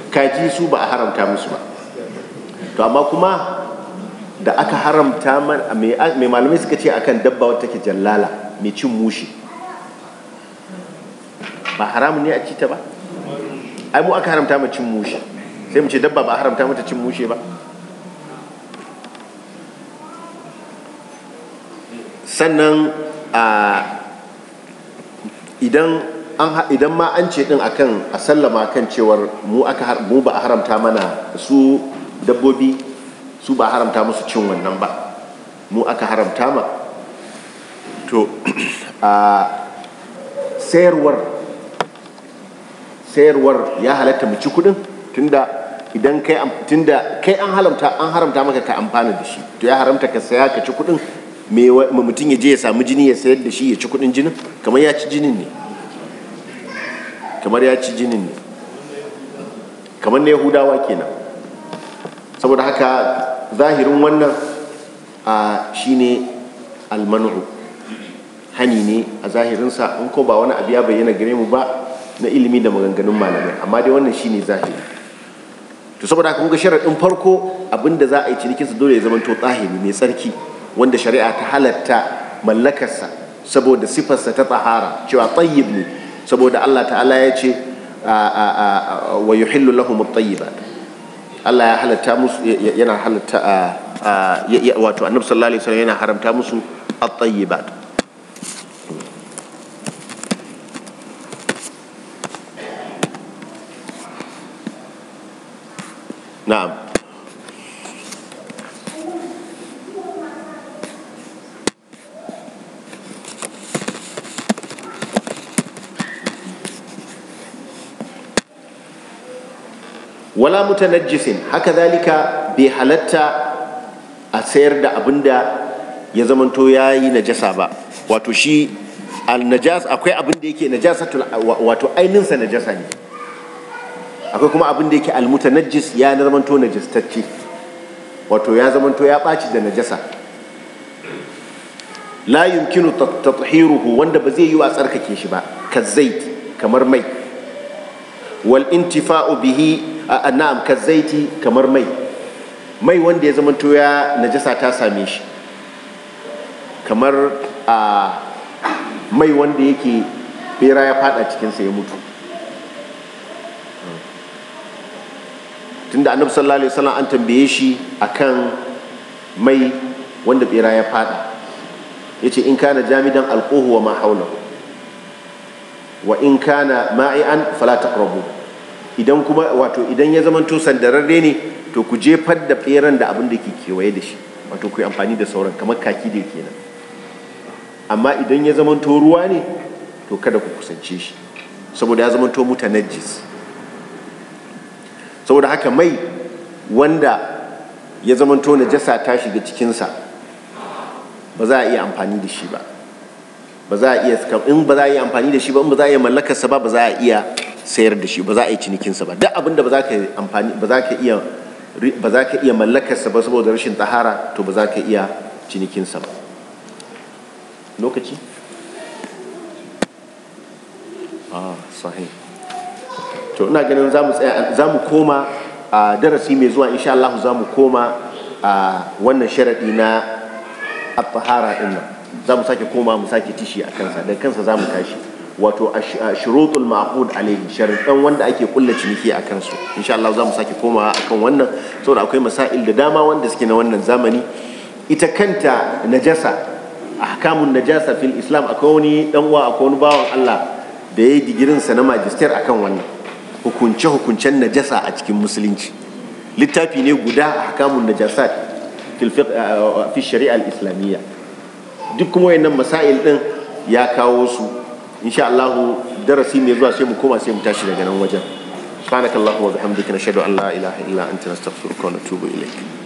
A: kaji su ba a haramta musu ba to amma kuma da aka haramta mai malamai suka ce akan dabba wata take jallala mai cin mushi ba haramun ne a ci ta ba ai mu aka haramta mu cin mushe sai mu ce dabba ba haramta mata cin mushe ba sannan a idan an idan ma an ce din akan a sallama kan cewar mu aka mu ba haramta mana su dabbobi su ba haramta musu cin wannan ba mu aka haramta ma to <clears throat> a sayarwar sayarwar ya halatta mu ci kuɗin tunda idan kai tunda kai an haramta an haramta maka ka amfana da shi to ya haramta ka saya ka ci kuɗin me mutum ya je ya samu jini ya sayar da shi ya ci kuɗin jinin kamar ya ci jinin ne kamar ya ci jinin ne kamar na yahudawa kenan saboda haka zahirin wannan a shine almanu hani ne a zahirinsa in ko ba wani abu ya bayyana gare mu ba na ilimi da maganganun malamai amma dai wannan shine zahiri to saboda haka ga sharaɗin farko abinda za a yi cinikin su dole ya zama to tsahiri mai tsarki wanda shari'a ta halatta mallakarsa saboda sifarsa ta tsahara cewa tayyib ne saboda Allah ta'ala ya ce wa yuhillu lahum at-tayyibat Allah ya halatta musu yana halatta wato annabi sallallahu alaihi wasallam yana haramta musu at-tayyibat na'am wala mutanajjisin haka zalika bai halatta a sayar da abin da ya zamanto ya yi najasa ba wato shi al-najas akwai abin da yake najasatul wato ainihinsa najasa ne akwai kuma abin da yake najis ya zamanto najistacci wato ya zamanto ya baci da najasa la yumkinu tatahiruhu wanda ba zai yi wa tsarkake shi ba kas-zaiti kamar mai wal intifa'u bihi na'am zaiti kamar mai mai wanda ya zamanto ya najasa ta same shi kamar a mai wanda yake bera ya fada cikinsa ya mutu tunda annabi sallallahu alaihi wasallam an tambaye shi akan mai wanda bera ya fada yace in kana jamidan alquhu wa ma hawlahu wa in kana ma'ian fala taqrabu idan kuma wato idan ya zamanto sandararre ne to ku jefar da beran da abin da ke kewaye da shi wato ku amfani da sauran kamar kaki da nan. amma idan ya zamanto ruwa ne to kada ku kusance shi saboda ya zamanto mutanajjis najis saboda haka mai wanda ya zamanto jasa ta shiga cikinsa ba za a iya amfani da shi ba ba za a iya in ba za a iya amfani da shi ba in ba za a iya mallakarsa ba ba za a iya sayar da shi ba za a yi cinikinsa ba duk abin da ba za ka amfani ba za ka iya ba za ka iya mallakarsa ba saboda rashin tsahara to ba za ka iya cinikinsa ba lokaci ah sahih to ina ganin za mu koma a darasi mai zuwa insha Allah za mu koma a wannan sharaɗi na afahara ɗin nan za mu sake koma mu sake tishi a kansa da kansa za mu tashi wato a shurutul ma'qud alaihi sharaɗin wanda ake kulla ciniki a kansu insha Allah za mu sake komawa kan wannan saboda akwai masail da dama wanda suke na wannan zamani ita kanta najasa ahkamun najasa fil islam akwai wani dan uwa akwai wani bawan Allah da yayi digirin sa na magister akan wannan hukunce-hukuncen najasa a cikin musulunci littafi ne guda a hakamun najasat fi shari'a islamiyya duk kuma wayannan masail din ya kawo su insha Allah darasi mai zuwa sai mu koma sai mu tashi daga nan wajen subhanakallahumma wa bihamdika nashhadu an la ilaha illa anta nastaghfiruka wa natubu ilayk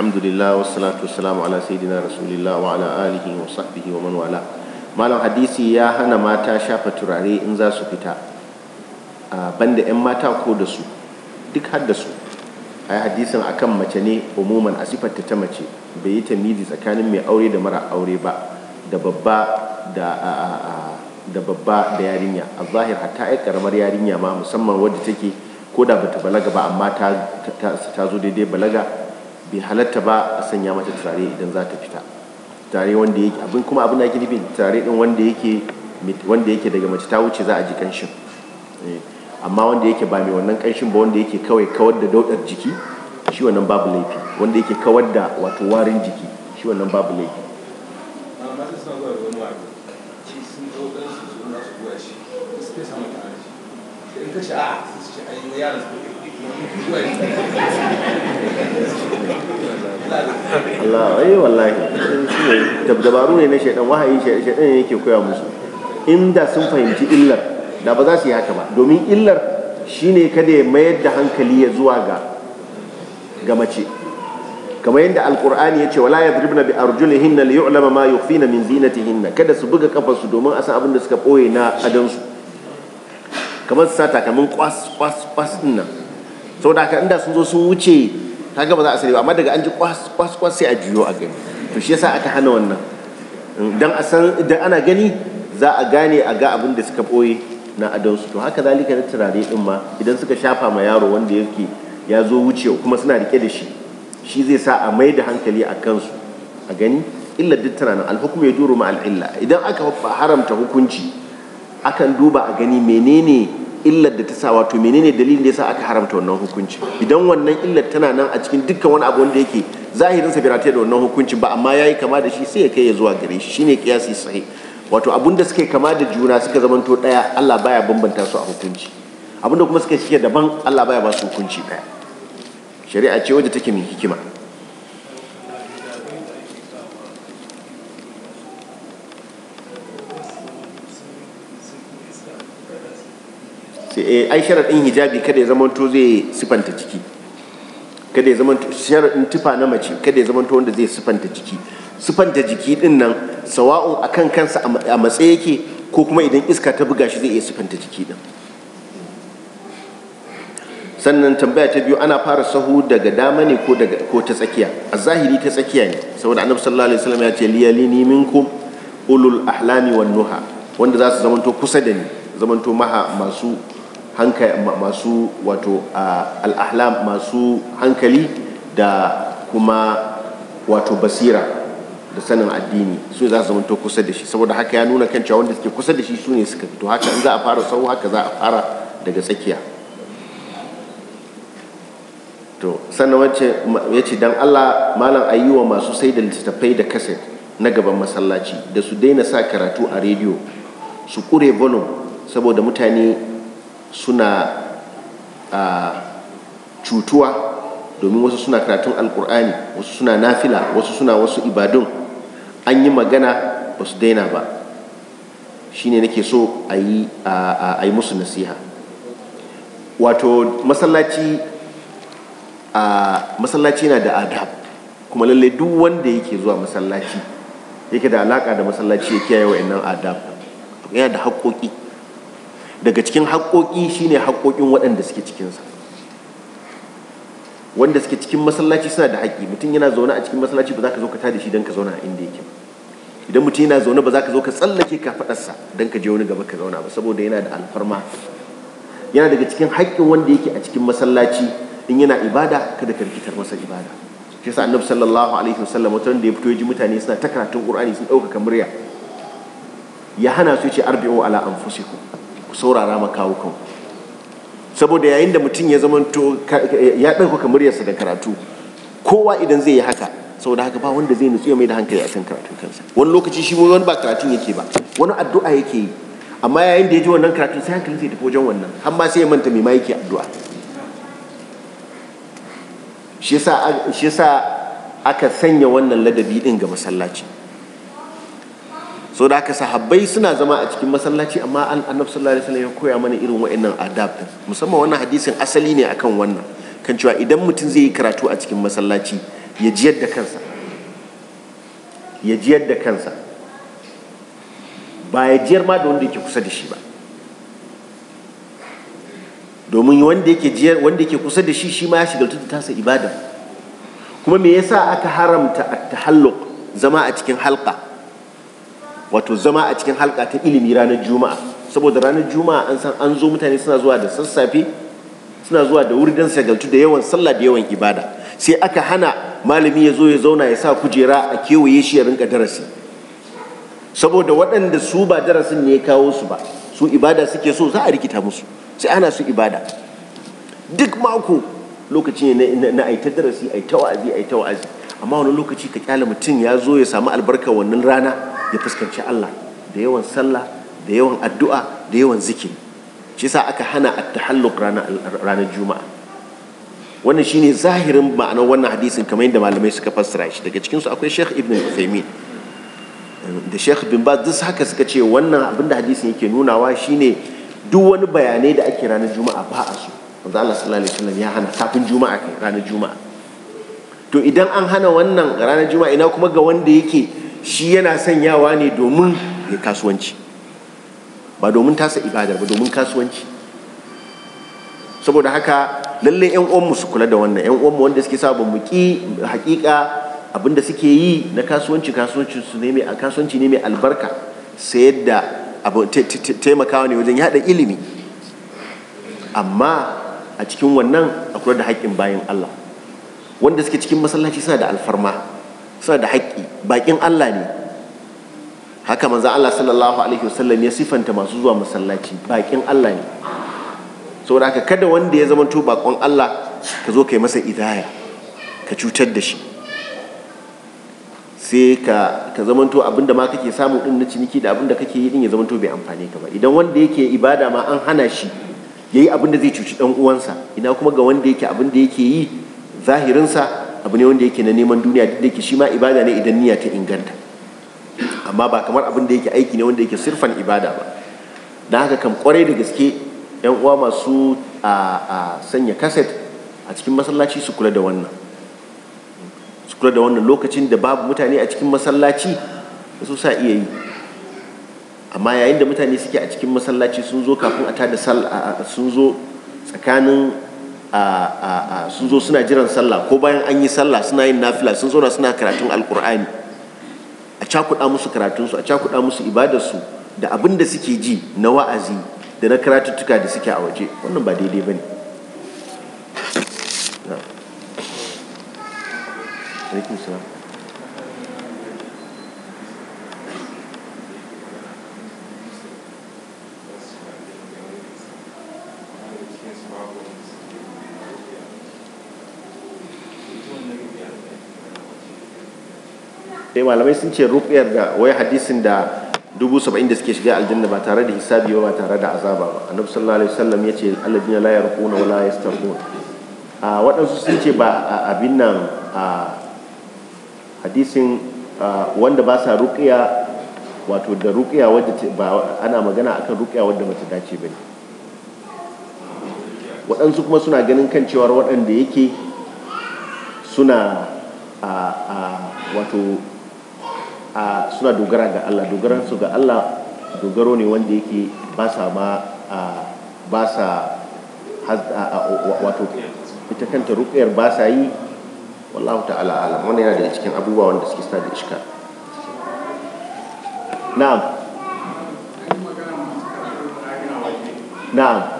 A: alhamdulillah wassalatu ala rasulillah wa ala alihi wa sahbihi wa malam hadisi ya hana mata shafa turare in za su fita banda yan mata ko da su duk har a su ai a kan mace ne umuman a sifarta ta mace bai yi ta tamizi tsakanin mai aure da mara aure ba da babba da yarinya a zahir hatta ai karamar yarinya ma musamman wadda take ko da bata balaga ba amma ta zo daidai balaga bai halatta ba a sanya mata turare idan za ta fita turare wanda yake abin kuma abin da ake nufin turare din wanda yake wanda yake daga mace ta wuce za a ji kanshin eh, amma wanda yake ba mai wannan kanshin ba wanda yake kawai kawar da daudar jiki shi wannan babu laifi wanda yake kawar da wato warin jiki shi wannan babu laifi Allah ai wallahi dabaru ne na shaidan wahayi shaidan yake koya musu inda sun fahimci illar da ba za su yi haka ba domin illar shine kada ya mayar da hankali ya zuwa ga ga mace kamar yadda alkur'ani ya ce wala yadribna bi arjulihinna li yu'lama ma yukhfina min zinatihinna kada su buga kafarsu domin a san abin da suka boye na adansu kamar su sa takalmin kwas kwas kwas din nan saboda haka inda sun zo sun wuce ta gaba za a sani ba amma daga an ji kwas kwas sai a juyo a gani to shi yasa aka hana wannan dan a san idan ana gani za a gane a ga abin da suka boye na adonsu to haka zalika na turare din ma idan suka shafa ma yaro wanda yake ya zo wucewa kuma suna rike da shi shi zai sa a mai da hankali a kansu a gani illa duk tana nan alhukum ya duru ma al'illa idan aka haramta hukunci akan duba a gani menene illar da ta sa wato menene dalilin da ya sa aka haramta wannan hukunci idan wannan illar tana nan a cikin dukkan wani abu wanda yake zahirin sa birata da wannan hukunci ba amma yayi kama da shi sai ya kai ya zuwa gare shi shine kiyasi sai wato abun da suke kama da juna suka zamanto daya Allah baya bambanta su a hukunci abun da kuma suke shige daban Allah baya ba su hukunci daya shari'a ce wadda take min hikima ce eh ai sharadin hijabi kada ya zamanto zai sifanta jiki kada ya zamanto sharadin tufa na mace kada ya zamanto wanda zai sifanta jiki sifanta jiki din nan sawa'un akan kansa a matse yake ko kuma idan iska ta buga shi zai iya sifanta jiki din sannan tambaya ta biyu ana fara sahu daga dama ne ko daga ko ta tsakiya a zahiri ta tsakiya ne saboda annabi sallallahu alaihi wasallam ya ce liyalini minkum ulul ahlami wan nuha wanda za su zamanto kusa da ni zamanto maha masu masu wato al'ahlam masu hankali da kuma wato basira da sanin addini su za su zamanto kusa da shi saboda haka ya nuna kan cewa wanda suke kusa da shi su ne suka fito haka za a fara sau haka za a fara daga tsakiya to sannan wacce ya ce don allah malam ayyuwa masu sai da littattafai da kaset na gaban masallaci da su daina sa karatu a rediyo su kure volume saboda mutane suna a ah, cutuwa domin wasu suna karatun alkur'ani wasu suna nafila wasu suna wasu ibadun an yi magana ba su daina ba shine nake so a yi musu nasiha wato masallaci a masallaci na da adab kuma lalle duk wanda yake zuwa masallaci yake da alaka da masallaci ya kiyaye wa'annan adab yana da haƙoƙi daga cikin haƙoƙi shine haƙoƙin waɗanda suke cikinsa wanda suke cikin masallaci suna da haƙƙi mutum yana zaune a cikin masallaci ba za ka zo ka tada shi don ka zauna a inda yake idan mutum yana zaune ba za ka zo ka tsallake faɗarsa, don ka je wani gaba ka zauna ba saboda yana da alfarma yana daga cikin haƙƙin wanda yake a cikin masallaci in yana ibada kada ka rikitar masa ibada shi yasa annabi sallallahu alaihi wasallam wata wanda ya fito ya ji mutane suna ta karatun qur'ani sun ɗauka kamar ya hana su ce arbi'u ala anfusikum saurara ma kawukan saboda yayin da mutum ya zama ya ɗauka muryarsa da karatu kowa idan zai yi haka saboda haka ba wanda zai nutsu ya mai da hankali kan karatun kansa wani lokaci shi wani ba karatun yake ba wani addu'a yake yi amma yayin da ya ji wannan karatun sai hankali zai tafi wajen wannan har ma sai ya manta mai ma yake addu'a shi yasa aka sanya wannan ladabi din ga masallaci so da haka sahabbai suna zama a cikin masallaci amma annabi sallallahu alaihi wasallam ya koya mana irin wa'annan adab din musamman wannan hadisin asali ne akan wannan kan cewa idan mutum zai yi karatu a cikin masallaci ya jiyar da kansa ya jiyar da kansa ba ya jiyar ma da wanda yake kusa da shi ba domin wanda yake jiyar wanda yake kusa da shi shi ma ya shigaltu ta tasa ibada kuma me yasa aka haramta at-tahalluq zama a cikin halqa wato zama a cikin halka ta ilimi ranar juma'a saboda ranar juma'a an san an zo mutane suna zuwa da sassafe suna zuwa da wuri don sagaltu da yawan sallah da yawan ibada sai aka hana malami ya zo ya zauna ya sa kujera a kewaye shi ya rinka darasi saboda waɗanda su ba darasin ne ya kawo su ba su ibada suke so za a rikita musu sai ana su ibada duk mako lokaci ne na aita darasi aita wa'azi aita wa'azi amma wani lokaci ka kyale mutum ya zo ya samu albarka wannan rana ya fuskanci Allah da yawan sallah da yawan addu'a da yawan zikiri shi sa aka hana at-tahalluq ranar juma'a wannan shine zahirin ma'anar wannan hadisin kamar yadda malamai suka fassara shi daga cikinsu akwai Sheikh Ibn Uthaymeen da Sheikh Bin Baz duk haka suka ce wannan abinda da hadisin yake nunawa shine duk wani bayanai da ake ranar juma'a ba a so manzo Allah ya hana kafin juma'a ranar juma'a to idan an hana wannan ranar juma'a ina kuma ga wanda yake shi yana sanyawa ne domin ya kasuwanci ba domin tasa ibada ba domin kasuwanci saboda haka lalle yan uwanmu su kula da wannan yan uwanmu wanda suke sa ba mu ki hakika abinda suke yi na kasuwanci kasuwanci su ne mai kasuwanci ne mai albarka sayar da taimakawa ne wajen yada ilimi amma a cikin wannan a kula da haƙƙin bayan Allah wanda suke cikin masallaci suna da alfarma suna da haƙƙi baƙin Allah ne haka manzo Allah sallallahu alaihi wasallam ya sifanta masu zuwa masallaci baƙin Allah ne saboda haka kada wanda ya zama to baƙon Allah ka zo ka masa idaya ka cutar da shi sai ka ka to abinda ma kake samu din na ciniki da abinda kake yi din ya zamanto bai amfane ka ba idan wanda yake ibada ma an hana shi yayi abinda zai cuci dan uwansa ina kuma ga wanda yake abinda yake yi zahirinsa abu ne wanda yake na neman duniya duk da yake shi ma ibada ne idan niyya ta inganta amma ba kamar abin da yake aiki ne wanda yake sirfan ibada ba na haka kam kwarai da gaske yan uwa masu a sanya kaset a cikin masallaci su kula da wannan su kula da wannan lokacin da babu mutane a cikin masallaci su sa iya yi amma yayin da mutane suke a cikin masallaci sun zo kafin a tada sun zo tsakanin sun zo suna jiran sallah ko bayan an yi sallah suna yin nafila sun zauna suna karatun alkur'ani a cakuɗa musu karatunsu a cakuɗa musu ibadarsu da abin da suke ji na wa'azi da na karatuttuka da suke a waje wannan ba daidai ba ne kai malamai sun ce rukiyar da wai hadisin da dubu saba'in da suke shiga aljanna ba tare da hisabi ba tare da azaba ba annabi sallallahu alaihi wasallam ya ce alladina la yarquna wala yastarqun a waɗansu sun ce ba abin nan a hadisin wanda ba sa rukiya wato da rukiya wadda ba ana magana akan rukiya wadda mace dace ba ne waɗansu kuma suna ganin kan cewar waɗanda yake suna a wato a suna dogara ga Allah dogaran su ga Allah dogaro ne wanda yake ba sa ma ba sa wato ita kanta rukiyar ba sa yi wallahu ta'ala alam wannan yana daga cikin abubuwa wanda suke sa da iska na'am na'am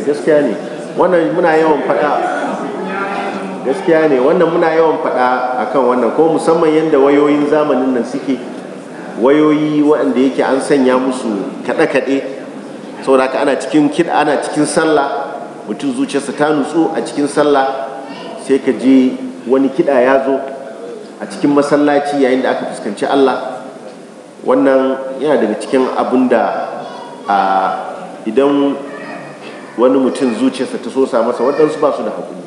A: Eh, gaskiya ne wannan muna yawan faɗa gaskiya ne wannan muna yawan faɗa akan wannan ko musamman yadda wayoyin zamanin nan suke wayoyi waɗanda yake an sanya musu kaɗe-kaɗe saboda haka ana cikin kiɗa ana cikin sallah mutum zuciyarsa ta nutsu a cikin sallah sai ka je wani kiɗa ya zo a cikin masallaci yayin da aka fuskanci Allah wannan yana daga cikin abin da idan wani mutum zuciyarsa ta sosa masa waɗansu ba su da haƙuri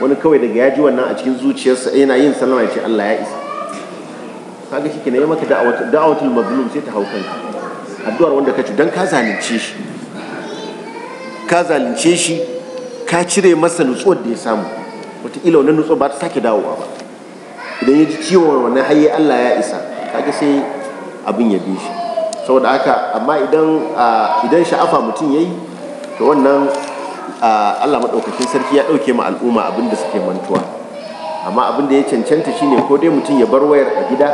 A: wani kawai daga ya ji wannan a cikin zuciyarsa yana yin sallama ya ce Allah ya isa kaga shi kenan ya maka da'awatul mazlum sai ta hau kanka addu'ar wanda ka ci dan ka zalunce shi ka zalunce shi ka cire masa nutsuwar da ya samu wataƙila wannan nutsuwar ba ta sake dawowa ba idan ya ji ciwon wannan haye Allah ya isa kaga sai abin ya bi shi saboda haka amma idan ah, sha'afa mutum ya yi. to wannan Allah maɗaukakin sarki ya ɗauke ma al'umma abin da suke mantuwa amma abin da ya cancanta shine ko dai mutum ya bar wayar a gida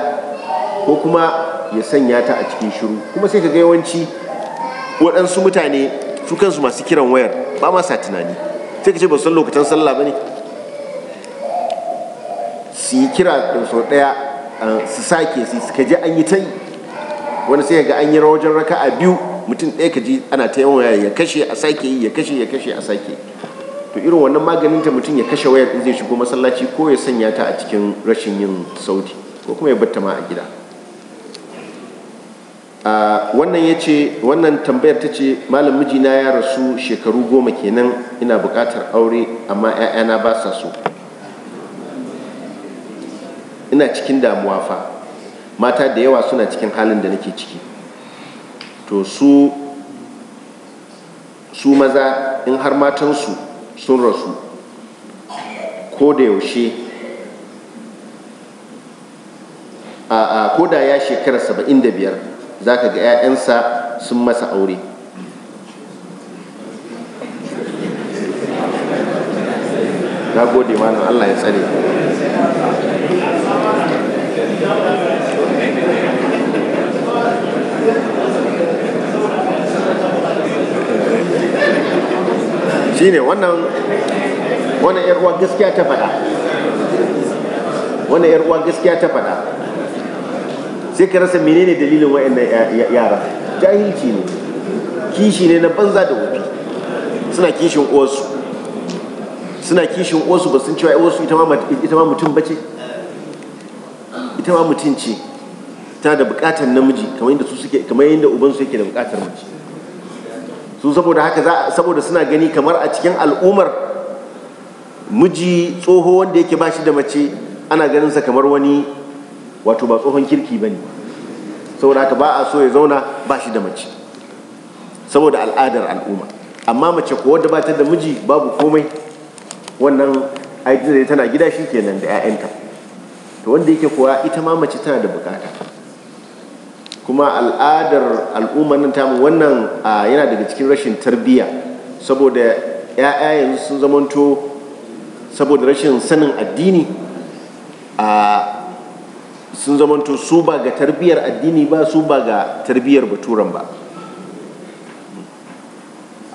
A: ko kuma ya sanya ta a cikin shiru kuma sai ka ga yawanci waɗansu mutane su kansu masu kiran wayar ba ma sa tunani sai ka ce ba san lokutan sallah ba ne su yi kira da sau ɗaya su sake su ka ji an yi ta yi wani sai ga an yi rawajen raka'a biyu mutum ɗaya ka ji ana ta yawan ya kashe a sake yi ya kashe ya kashe a sake to irin wannan maganin ta mutum ya kashe wayar in zai shigo masallaci ko ya sanya ta a cikin rashin yin sauti ko kuma ya batta ma a gida wannan ya ce wannan tambayar ta ce malam mijina ya rasu shekaru goma kenan ina buƙatar aure amma 'ya'yana ba sa so ina cikin damuwa fa mata da yawa suna cikin halin da nake ciki to su su maza in har matansu sun rasu ko da yaushe a ko da ya shekara saba'in da biyar za ka ga 'ya'yansa sun masa aure na gode malam allah ya tsare ne wannan wannan yar gaskiya ta faɗa wannan yar gaskiya ta fada sai ka rasa menene dalilin wayannan yara jahilci ne kishi ne na banza da wofi suna kishin uwarsu suna kishin uwarsu ba sun cewa uwarsu ita ma mutum bace ita ma mutum ce ta da bukatar namiji kamar yadda su suke kamar yadda uban su yake da bukatar mace su saboda haka za saboda suna gani kamar a cikin al'umar miji tsoho wanda yake ba shi da mace ana ganin sa kamar wani wato ba tsohon kirki bane saboda haka ba a so ya zauna ba shi da mace saboda al'adar al'umma amma mace ko wadda ba ta da miji babu komai wannan aiki da tana gida shi kenan da 'ya'yanta to wanda yake kuwa ita ma mace tana da bukata kuma al'adar al'umman tamu wannan yana daga cikin rashin tarbiyya saboda ya'ya yanzu sun zamanto saboda rashin sanin addini a sun zamanto su ba ga tarbiyyar addini ba su ba ga tarbiyyar baturan ba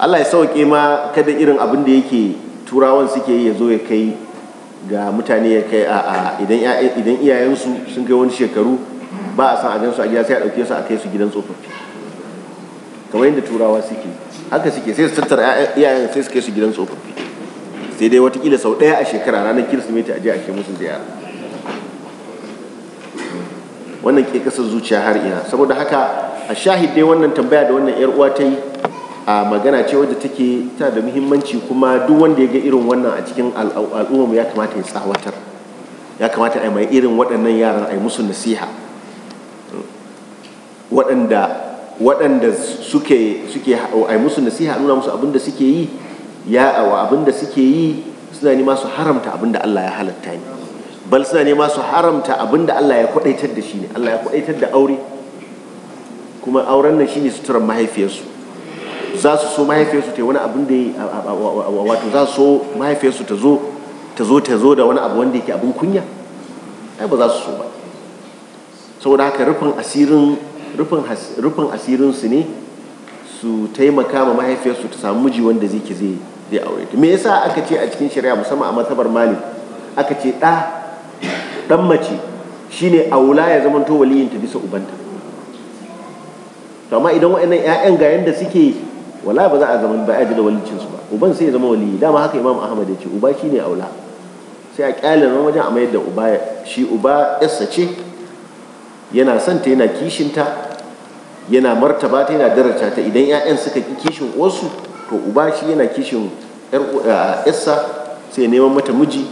A: allah ya sauke ma kada irin abin da yake turawan suke yi ya zo ya kai ga mutane ya kai a idan iyayensu sun kai wani shekaru ba a san a su a gida sai a ɗauke su a kai su gidan tsofaffi kamar yadda turawa suke haka suke sai su tattara iyayen sai su kai su gidan tsofaffi sai dai watakila sau ɗaya a shekara ranar kirsimeti a je a ke musu da wannan ke kasar zuciya har ina saboda haka a shahid dai wannan tambaya da wannan yar uwa ta yi a magana ce wadda take ta da muhimmanci kuma duk wanda ya ga irin wannan a cikin al'ummar ya kamata ya tsawatar ya kamata a mai irin waɗannan yaran a yi musu nasiha waɗanda waɗanda suke suke ai musu nasiha nuna musu abin da suke yi ya wa abin da suke yi suna nema su haramta abin da Allah ya halatta ni bal suna nema su haramta abin da Allah ya kwadaitar da shi ne Allah ya kwadaitar da aure kuma auren nan shine suturar mahaifiyarsu za su so mahaifiyarsu ta wani abin da wato za su so mahaifiyarsu ta zo ta zo ta zo da wani abu wanda yake abin kunya ai ba za su so ba saboda haka rufin asirin rufin asirinsu ne su taimaka ma mahaifiyarsu ta samu miji wanda zai ki zai aure ta me yasa aka ce a cikin shari'a musamman a matsabar mali aka ce ɗan mace shine aula ya zama to ta bisa ubanta amma idan waɗannan ƴaƴan ga yanda suke wala ba za a zama ba a ji da walicinsu ba uban sai ya zama wali dama haka imam ahmad ya ce uba shine aula sai a kyale ran wajen a mayar da uba shi uba yarsa ce yana santa ta yana kishinta yana martaba ta yana daraja ta idan 'ya'yan suka ki kishin uwarsu to uba shi yana kishin yarsa sai neman mata miji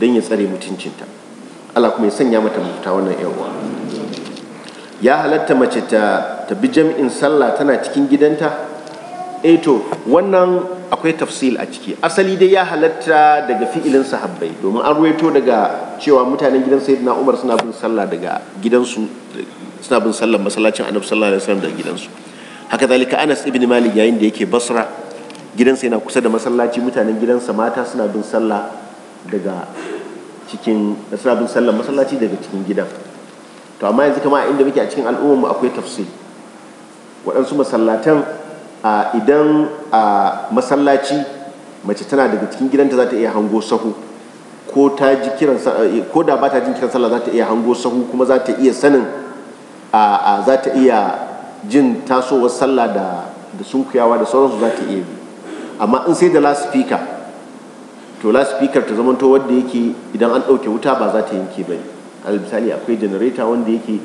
A: don ya tsare mutuncinta Allah kuma ya sanya mata mafita wannan yarwa ya halatta mace ta bi jam'in sallah tana cikin gidanta E, to wannan akwai tafsil a ciki asali dai ya halatta daga fi'ilin sahabbai domin an ruwaito daga cewa mutanen gidan sayyidina Umar suna bin sallah daga gidansu suna bin sallar masallacin annabi sallallahu alaihi wasallam da gidansu haka zalika Anas ibn Malik yayin da yake Basra gidansa yana kusa da masallaci mutanen gidansa mata suna bin sallah daga cikin suna bin sallar masallaci daga cikin gidan to amma yanzu kama inda muke a cikin al'ummar mu akwai tafsir waɗansu masallatan idan a masallaci mace tana daga cikin gidanta za ta iya hango sahu ko ta ji kiran eh, ko da ba ta jin kiran sallah za ta iya hango sahu kuma za ta iya sanin a za ta iya jin tasowar sallah da da sunkuyawa da sauransu za ta iya bi amma in sai da laspika to laspikar ta zamanto wadda yake idan an ɗauke wuta ba za ta yanke ba ne akwai janareta wanda yake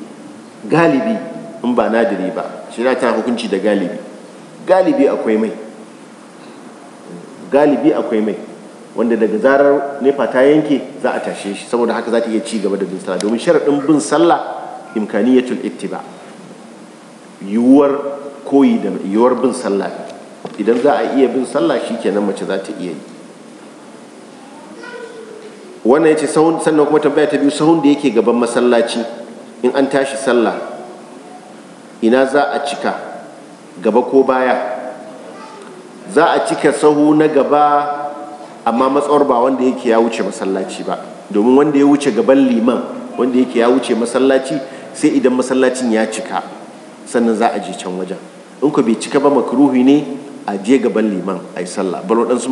A: galibi in ba nadiri ba shirya ta hukunci da galibi galibi akwai mai galibi akwai mai wanda daga zarar nepa ta yanke za a tashe shi saboda haka za ta iya ci gaba da bin sallah domin sharaɗin bin sallah imkaniyatul ittiba yiwuwar koyi da yiwuwar bin sallah idan za a iya bin sallah shikenan mace za ta iya yi wannan yace sahun sannan kuma tambaya ta biyu sahun da yake gaban masallaci in an tashi sallah ina za a cika gaba ko baya za a cika sahu na gaba amma matsawar ba wanda yake ya wuce masallaci ba domin wanda ya wuce gaban liman wanda yake ya wuce masallaci sai idan masallacin ya cika sannan za a je can wajen in ku bai cika ba makruhi ne a je gaban liman a yi sallah bal waɗansu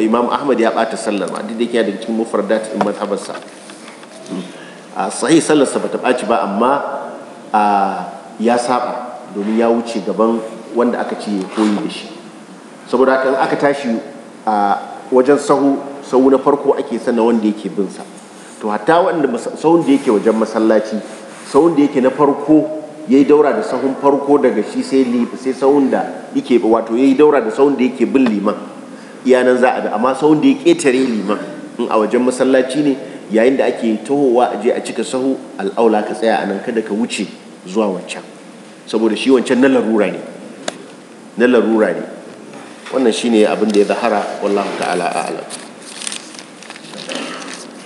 A: imam ahmad ya bata sallar ma duk da daga cikin mufardat in mazhabarsa hmm. a sahi sallarsa bata ɓaci ba amma ya saba domin ya wuce gaban wanda aka ce koyi da shi saboda kan aka tashi a wajen sahu sahu na farko ake sana wanda yake bin sa to hatta wanda sahun da yake wajen masallaci sahun da yake na farko ya yi daura da sahun farko daga shi sai sai sahun da yake wato ya yi daura da sahun da yake bin liman iyanan za a bi amma sahun da ya ketare liman in a wajen masallaci ne yayin da ake tahowa a je a cika sahu al'aula ka tsaya a nan kada ka wuce zuwa wancan saboda shi wancan na larura ne na larura ne wannan shine abin da ya zahara wallahu ta'ala a'lam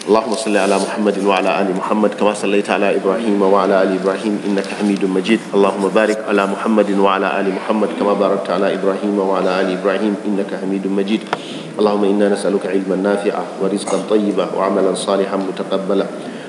A: اللهم صل على محمد وعلى ال محمد كما صليت على ابراهيم وعلى ال ابراهيم انك حميد مجيد اللهم بارك على محمد وعلى ال محمد كما باركت على ابراهيم وعلى ال ابراهيم انك حميد مجيد اللهم انا نسالك علما نافعا ورزقا طيبا وعملا صالحا متقبلا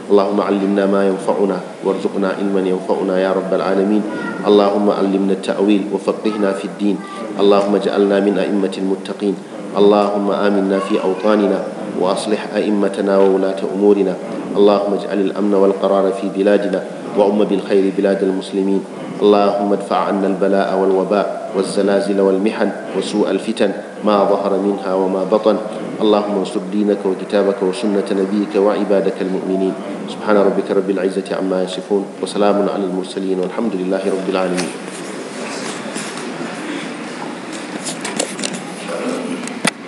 A: اللهم علمنا ما ينفعنا وارزقنا علما ينفعنا يا رب العالمين اللهم علمنا التاويل وفقهنا في الدين اللهم اجعلنا من ائمه المتقين اللهم امنا في اوطاننا وأصلح أئمتنا وولاة أمورنا اللهم اجعل الأمن والقرار في بلادنا وأم بالخير بلاد المسلمين اللهم ادفع عنا البلاء والوباء والزلازل والمحن وسوء الفتن ما ظهر منها وما بطن اللهم انصر دينك وكتابك وسنة نبيك وعبادك المؤمنين سبحان ربك رب العزة عما يصفون وسلام على المرسلين والحمد لله رب العالمين